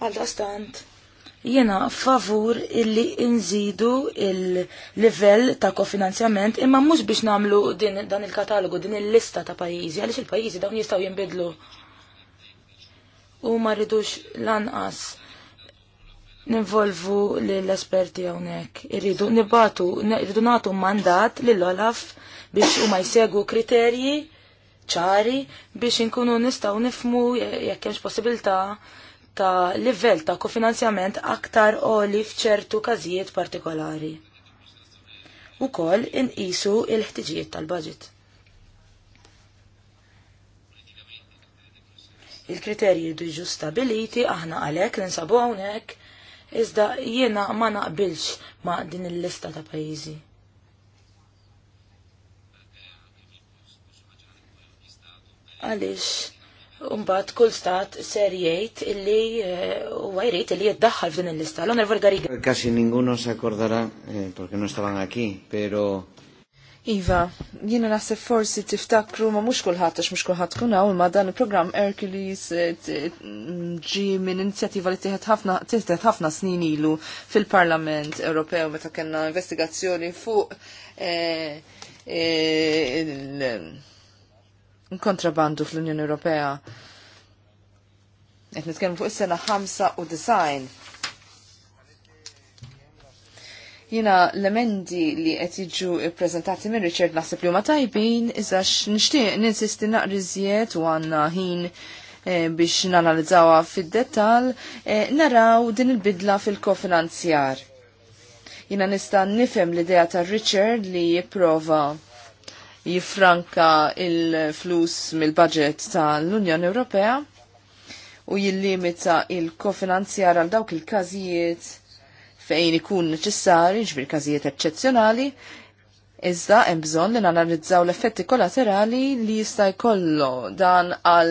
Għal dastant, Jena favur illi inżidu il-livell ta' kofinanzjament imma mhux biex namlu din dan il-katalogu din il-lista ta' pajjiżi għaliex il-pajjiżi dawn jistgħu jinbidlu. U ma rridux lanqas nivolvu l-esperti hawnhekk. Irridu nibatu, irridu nagħtu mandat lil olaf biex huma jsegu kriterji ċari biex inkunu nistgħu nifmu jekk hemmx possibilità ta' livell ta' kofinanzjament aktar oli f'ċertu każijiet partikolari. Ukoll inqisu il-ħtiġijiet tal-budget. Il-kriterji du jiġu stabiliti aħna għalhekk ninsabu hawnhekk iżda jiena ma naqbilx ma' din il-lista ta' pajjiżi. Għaliex Umbat kull stat ser jgħid illi eh, u jrid illi jiddaħħal f'din il-lista. L-Onorevol Gariga. Kasi ninguno se akkordarà eh, perché non stavan aki, pero Iva, jiena naħseb forsi tiftakru ma mhux kulħadd għax mhux kulħadd kun hawn ma dan il-programm Hercules eh, ġi minn inizjattiva li tieħed ħafna tieħed ħafna snin ilu fil-Parlament Ewropew meta kellna investigazzjoni fuq kontrabandu fl-Unjoni Ewropea. Qed nitkellmu fuq is-sena design. Jiena l-emendi li qed jiġu ppreżentati minn Richard naħseb li huma tajbin iżda nixtieq ninsisti naqri żjed u għandna ħin eh, biex nanalizzawha fid dettall eh, naraw din il-bidla fil-kofinanzjar. Jiena nista' nifhem l-idea ta' Richard li jipprova jifranka il-flus mill-budget tal-Unjoni Ewropea u jillimita il-kofinanzjar għal dawk il-każijiet fejn ikun neċessari, ġbir każijiet eċċezzjonali, Iżda hemm bżonn li nanalizzaw l-effetti kollaterali li jista' jkollu dan għal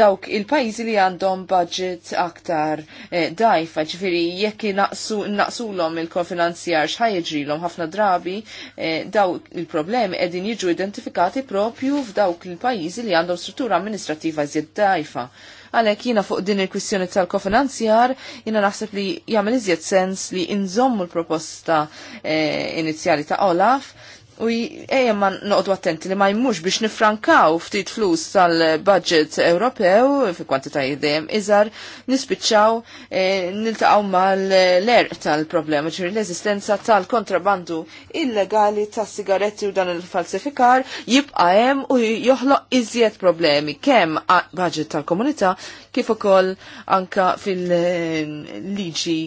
dawk il-pajjiżi li għandhom budget aktar eh, dajfa, ġifieri jekk naqsulhom il-kofinanzjar x'ħajġrilhom ħafna drabi eh, dawk il-problemi qegħdin jiġu identifikati propju f'dawk il-pajjiżi li għandhom struttura amministrattiva żjed dajfa għalek jina fuq din il-kwistjoni tal-kofinanzjar, jina naħseb li jgħamil iżjed sens li inżommu l-proposta eh, inizjali ta' Olaf U ejja ma noqdu attenti li ma jmux biex nifrankaw ftit flus tal-budget Ewropew fi kwantitajiet dejjem iżar nispiċċaw e, niltaqgħu mal-erq tal-problema ġifieri l-eżistenza tal-kontrabandu illegali tas-sigaretti u dan il-falsifikar jibqa' hemm u joħloq iżjed problemi kemm budget tal-komunità kif ukoll anka fil-liġi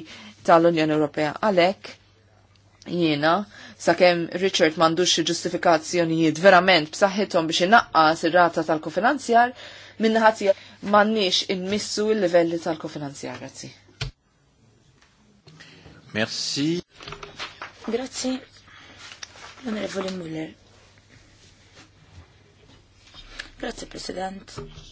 tal-Unjoni Ewropea. Għalhekk jiena sakemm Richard m'għandux ġustifikazzjonijiet verament b'saħħithom biex inaqqas ir-rata tal-kofinanzjar minna m'għandniex immissu l-livelli tal-kofinanzjar. Grazzi. Merci. Grazzi. Onorevole Muller. Grazie President.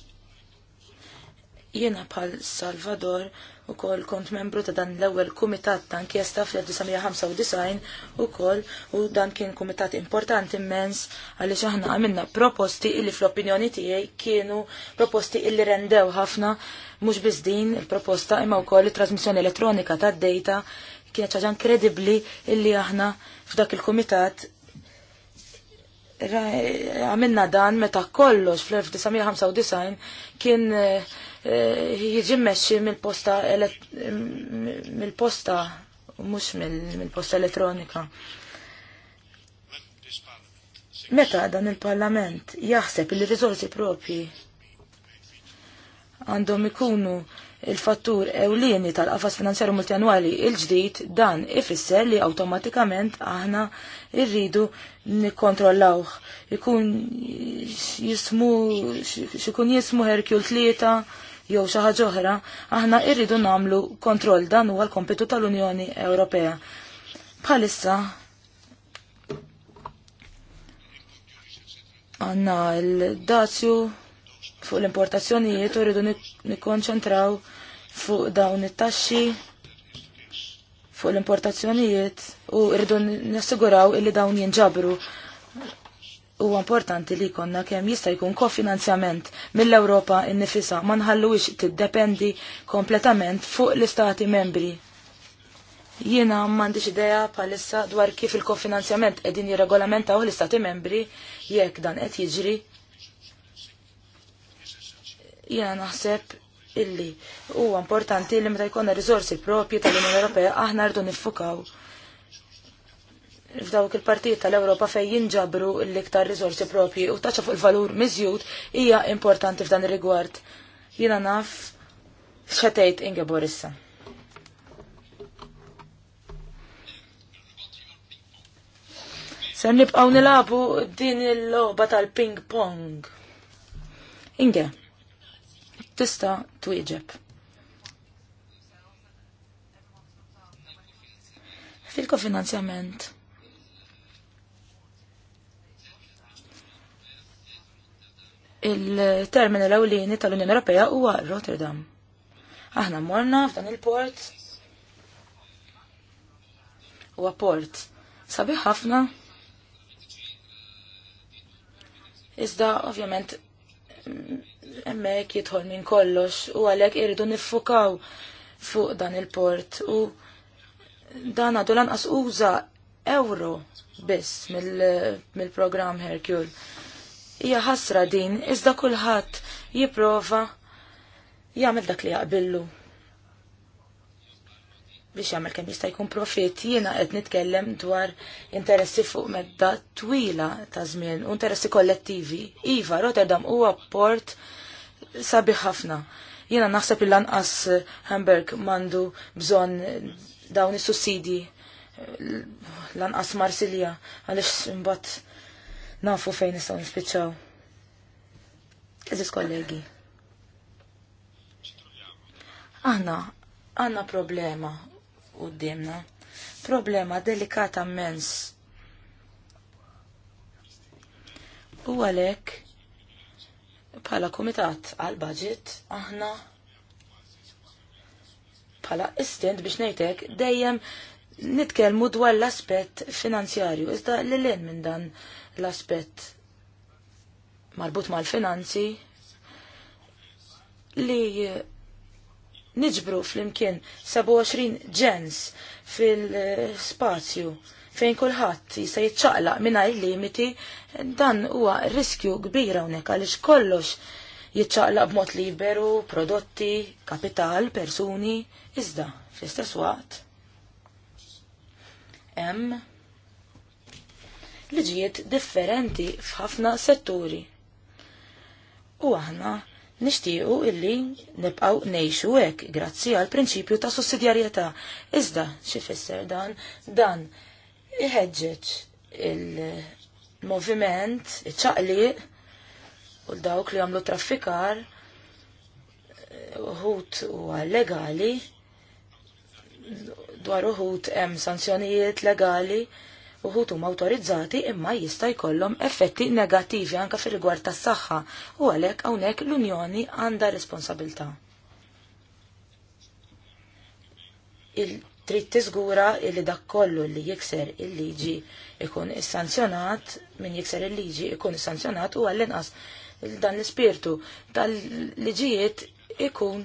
Jiena bħal Salvador u kol kont membru ta' dan l-ewel kumitat ta' inkjesta fl-1995 u kol u dan kien kumitat importanti immens għalli aħna għamilna proposti illi fl-opinjoni tiegħi kienu proposti illi rendew ħafna mhux bizdin din il-proposta imma wkoll it-trasmissjoni elettronika tad-data kienet ċaġan kredibli illi aħna f'dak il-kumitat għamilna dan meta kollox fl-1995 kien eh, Eh, jiġi mmexxi mill-posta mill-posta mhux mill-posta elettronika. Meta dan il-Parlament jaħseb li riżorsi propi għandhom ikunu il-fattur ewlieni tal-qafas finanzjarju multianwali il-ġdid dan ifisser li awtomatikament aħna irridu nikkontrollawh. Ikun jismu xikun jismu Herkul tlieta jew xi ħaġa oħra, aħna rridu nagħmlu kontroll dan huwa l-kompetu tal-Unjoni Ewropea. Bħalissa għandna l-dazju fuq l-importazzjonijiet u rridu nikkonċentraw fuq dawn it-taxxi fuq l-importazzjonijiet u rridu nassiguraw illi dawn jinġabru u importanti li konna kem jista' jkun kofinanzjament mill-Ewropa innifisa ma t tiddependi kompletament fuq l-istati membri. Jiena m'għandix idea bħalissa dwar kif il-kofinanzjament qegħdin jirregolamentaw l-istati membri jekk dan qed jiġri. Jiena naħseb illi huwa importanti li meta jkollna rizorsi propji tal-Unjoni Ewropea aħna rdu niffukaw f'dawk il-partijiet tal-Ewropa fej jinġabru l-iktar riżorsi propri u taċa fuq il-valur miżjud hija importanti f'dan ir-rigward. Jiena naf x'ħetejt Inge issa. Ser nibqgħu nilabu din il-logħba tal-ping pong. Inge, tista' twieġeb. Fil-kofinanzjament il l ewlieni tal-Unjoni Ewropea huwa Rotterdam. Aħna morna f'dan il-port. Huwa port sabiħ ħafna. Iżda ovvjament hemmhekk jidħol minn kollox u għalhekk iridu niffukaw fuq dan il-port u dan għadu lanqas uża euro biss mill-programm mil Hercule Hija ħasra din, iżda kulħadd jipprova jagħmel dak li jaqbillu. Biex jagħmel kemm jista' jkun profitt, jiena qed nitkellem dwar interessi fuq medda twila ta' żmien u interessi kollettivi. Iva, Rotterdam huwa port sabiħ ħafna. Jiena naħseb il-lanqas Hamburg mandu bżonn dawn is sussidi lanqas Marsilja għaliex imbagħad nafu fejn nistgħu nispiċċaw. Eżis kollegi. Aħna għandna problema qudiemna. Problema delikata mens. U għalhekk bħala kumitat għal budget aħna bħala istint biex ngħidlek dejjem nitkellmu dwar l-aspett finanzjarju, iżda l lin minn dan l-aspett marbut mal-finanzi li niġbru fl-imkien 27 ġens fil-spazju fejn kulħadd jista' jitċaqlaq mingħajr limiti, dan huwa riskju kbir hawnhekk għaliex kollox jitċaqlaq b'mod liberu, prodotti, kapital, persuni, iżda fl-istess waqt hemm liġijiet differenti f'ħafna setturi. U aħna nixtiequ illi nibqaw nejxu hekk grazzi għal prinċipju ta' sussidjarjetà. Iżda xi fisser dan dan iħeġġeġ il-moviment, iċ-ċaqliq u l-dawk li għamlu traffikar uħut u legali dwar uħut hemm sanzjonijiet legali uħut huma awtorizzati imma jista' jkollhom effetti negattivi anke fir-rigward tas-saħħa u għalhekk hawnhekk l-Unjoni għandha responsabilità. Trid tiżgura li dak kollu li jikser il-liġi ikun is-sanzjonat min jikser il-liġi ikun is-sanzjonat u għall-inqas dan l-ispirtu tal-liġijiet ikun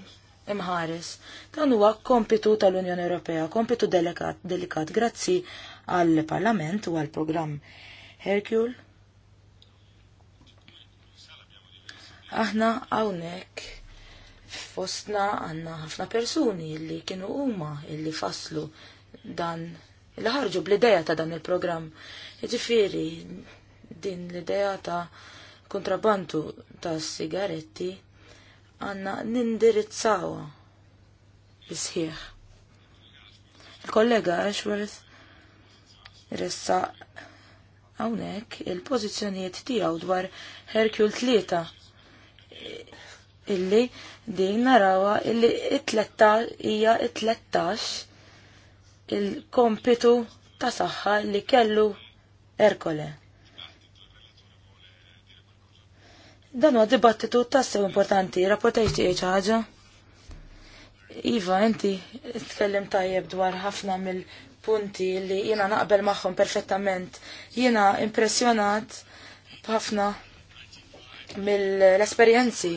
imħares. Dan huwa kompitu tal-Unjoni Ewropea, kompitu delikat, delikat grazzi għall-Parlament u għall-programm Hercule. Aħna hawnhekk fostna għanna ħafna persuni li kienu huma illi faslu dan li ħarġu bl-ideja ta' dan il-programm. Ġifiri, din l-ideja ta' kontrabantu ta' sigaretti għanna nindirizzawa l-sħiħ. Il-kollega Ashworth ressa għawnek il-pozizjoniet tijaw dwar Herkul tlieta illi din narawa illi it-tletta hija it-tlettax il-kompitu ta' saħħa li kellu Erkole. Dan huwa dibattitu tassew importanti, rapportaj tiegħi ħaġa. Iva, inti tkellem tajjeb dwar ħafna mill-punti li jiena naqbel magħhom perfettament. Jiena impressjonat b'ħafna mill-esperjenzi,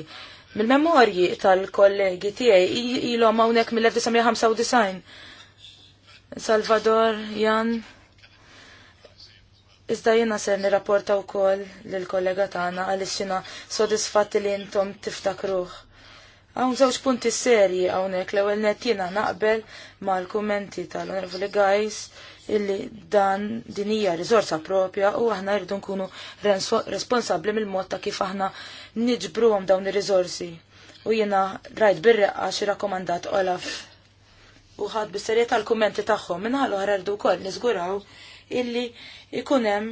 mill-memorji tal-kollegi tiegħi ilhom hawnhekk mill-1995. Salvador, Jan, Iżda jiena ser nirrapporta u lill l-kollega tana għalix jena sodisfatti li jintom tiftakruħ. Għawn żewġ punti serji għawnek l ewwel net jena naqbel mal-kumenti tal-onorevoli guys illi dan dinija rizorsa propja u aħna rridu nkunu responsabli mill-mod ta' kif aħna niġbruhom għom dawn ir-rizorsi. U jiena rajt birreqqa xi rakkomandat Olaf. U ħad bis-serjetà l-kummenti tagħhom minħal oħra rridu wkoll niżguraw illi ikun hemm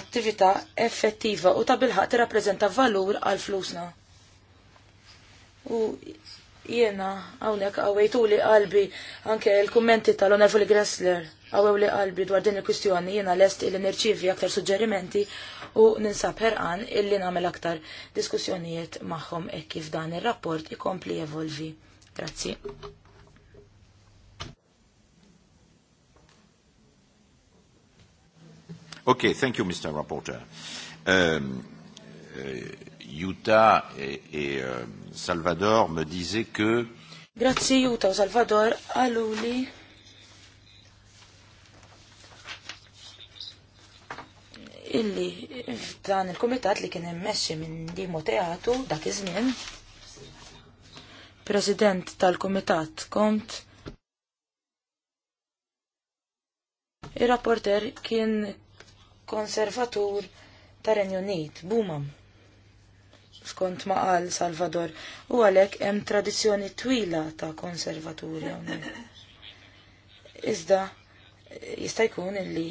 attività effettiva u tabilħa ti tirrappreżenta valur għal flusna. U jiena hawnhekk għawajtu li qalbi anke l-kummenti tal-Onorevoli Gressler għawaw li qalbi dwar din il-kwistjoni jiena lest li nirċivi aktar suġġerimenti u ninsab herqan illi nagħmel aktar diskussjonijiet magħhom e kif dan ir-rapport ikompli evolvi. Grazzi. Okay, thank you, Mr. Rapporteur. Um, uh, Utah et, et um, Salvador me disaient que... Grazie, Utah, Salvador, alluli. illi dan il-komitat li kien immexxi minn Dimo Teatu dak iż-żmien, President tal-Kumitat Kont, il rapporter kien konservatur tar-Renju Unit, Bumam. Skont ma qal Salvador, u għalhekk hemm tradizzjoni twila ta' konservaturi hawnhekk. Iżda jista' jkun illi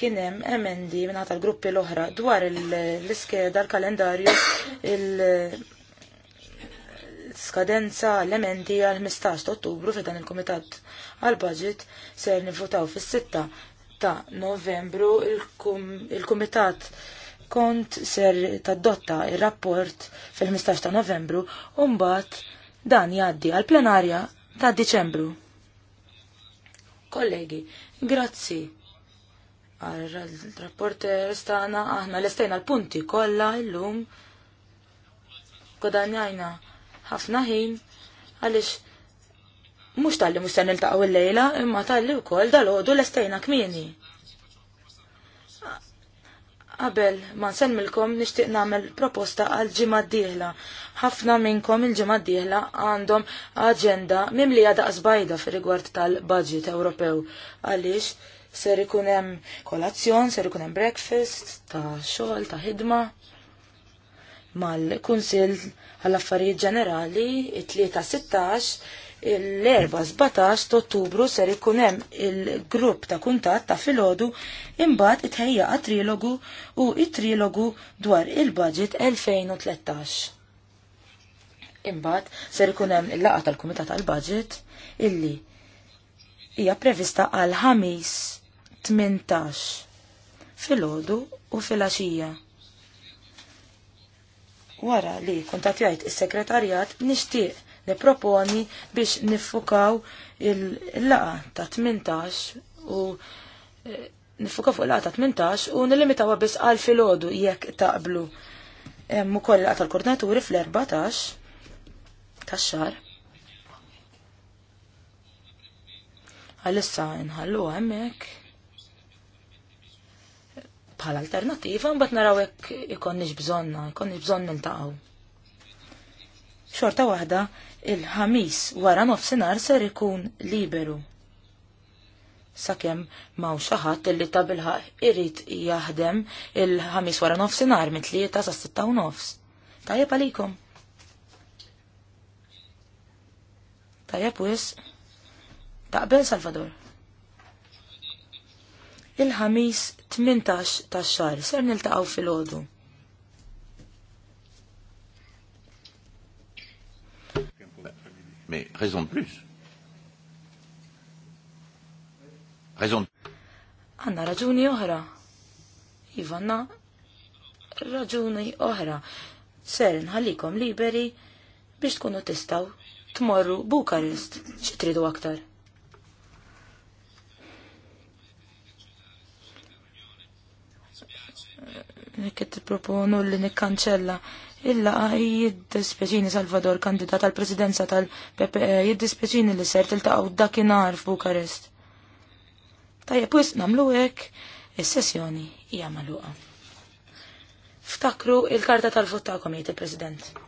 kien hemm emendi minn tal-gruppi l-oħra dwar l-iskeda, l-kalendarju, il-skadenza, l-emendi għal-15 ottubru f'dan il-Kumitat għal-Budget ser nivvotaw fis-sitta ta' novembru il-Kumitat kont ser tadotta il-rapport fil-15 ta' novembru umbat dan jaddi għal plenarja ta' Diċembru. Kollegi, grazzi għal-rapporter stana aħna l-estajna l-punti kolla l-lum kodanjajna ħafna ħin għalix mux tal-li mux sen il-taqaw il-lejla, imma tal-li u kol dal-ħodu l-estejna kmini. Qabel ma nsemmilkom nixtieq nagħmel proposta għal ġimgħa d-dieħla. Ħafna minnkom il-ġimgħa d-dieħla għandhom aġenda mimlija daqsbajda fi rigward tal-budget Ewropew. Għaliex ser ikun hemm kolazzjon, ser ikun hemm breakfast, ta' xogħol, ta' ħidma mal-Kunsill għall-Affarijiet Ġenerali it-tlieta 16 l-4-17 ottubru ser ikun hemm il-grupp ta' kuntat ta' filgħodu imbagħad itħejjaqa' trilogu u it-trilogu dwar il-budget 2013. Imbagħad ser ikun hemm il-laqgħa tal-Kumitat tal-Budget illi hija prevista għal ħamis 18 filgħodu u filgħaxija. Wara li kuntatjajt is-sekretarjat nixtieq niproponi biex nifukaw il-laqa ta' 18 u eh, nifukaw fuq il-laqa ta' 18 u nilimitawa biex għal filgħodu jekk taqblu. Hemm ukoll laqa tal-koordinaturi fl-14 tax-xar. Għalissa nħallu hemmhekk bħal alternativa, mbagħad naraw hekk ikonniex bżonna, ikonniex bżonn niltaqgħu. Xorta waħda, il-ħamis wara nofsinhar ser ikun liberu. Sakemm m'hawn xi ħadd illi ta' bilħaq irid jaħdem il-ħamis wara nofsinhar mit-tlieta sa' sitta u nofs. Tajjeb għalikom. Tajjeb wis. Taqbel Salvador. Il-ħamis 18 tax-xahar ser niltaqgħu fil-ħodu. Mais raison de plus. Raison de... plus. Anna raġuni oħra. Ivanna, raġuni oħra. Ser nħallikom liberi biex tkunu tistaw tmorru Bukarest. Xi tridu aktar? Nekket proponu li nikkanċella illa jiddispeċini Salvador kandidat għal presidenza tal-PPE jiddispeċini li ser tiltaqgħu dakinhar f'Bukarest. Tajja, wis nagħmlu hekk il sessjoni hija magħluqa. Ftakru il-karta tal-vot tagħkom jgħid il-President.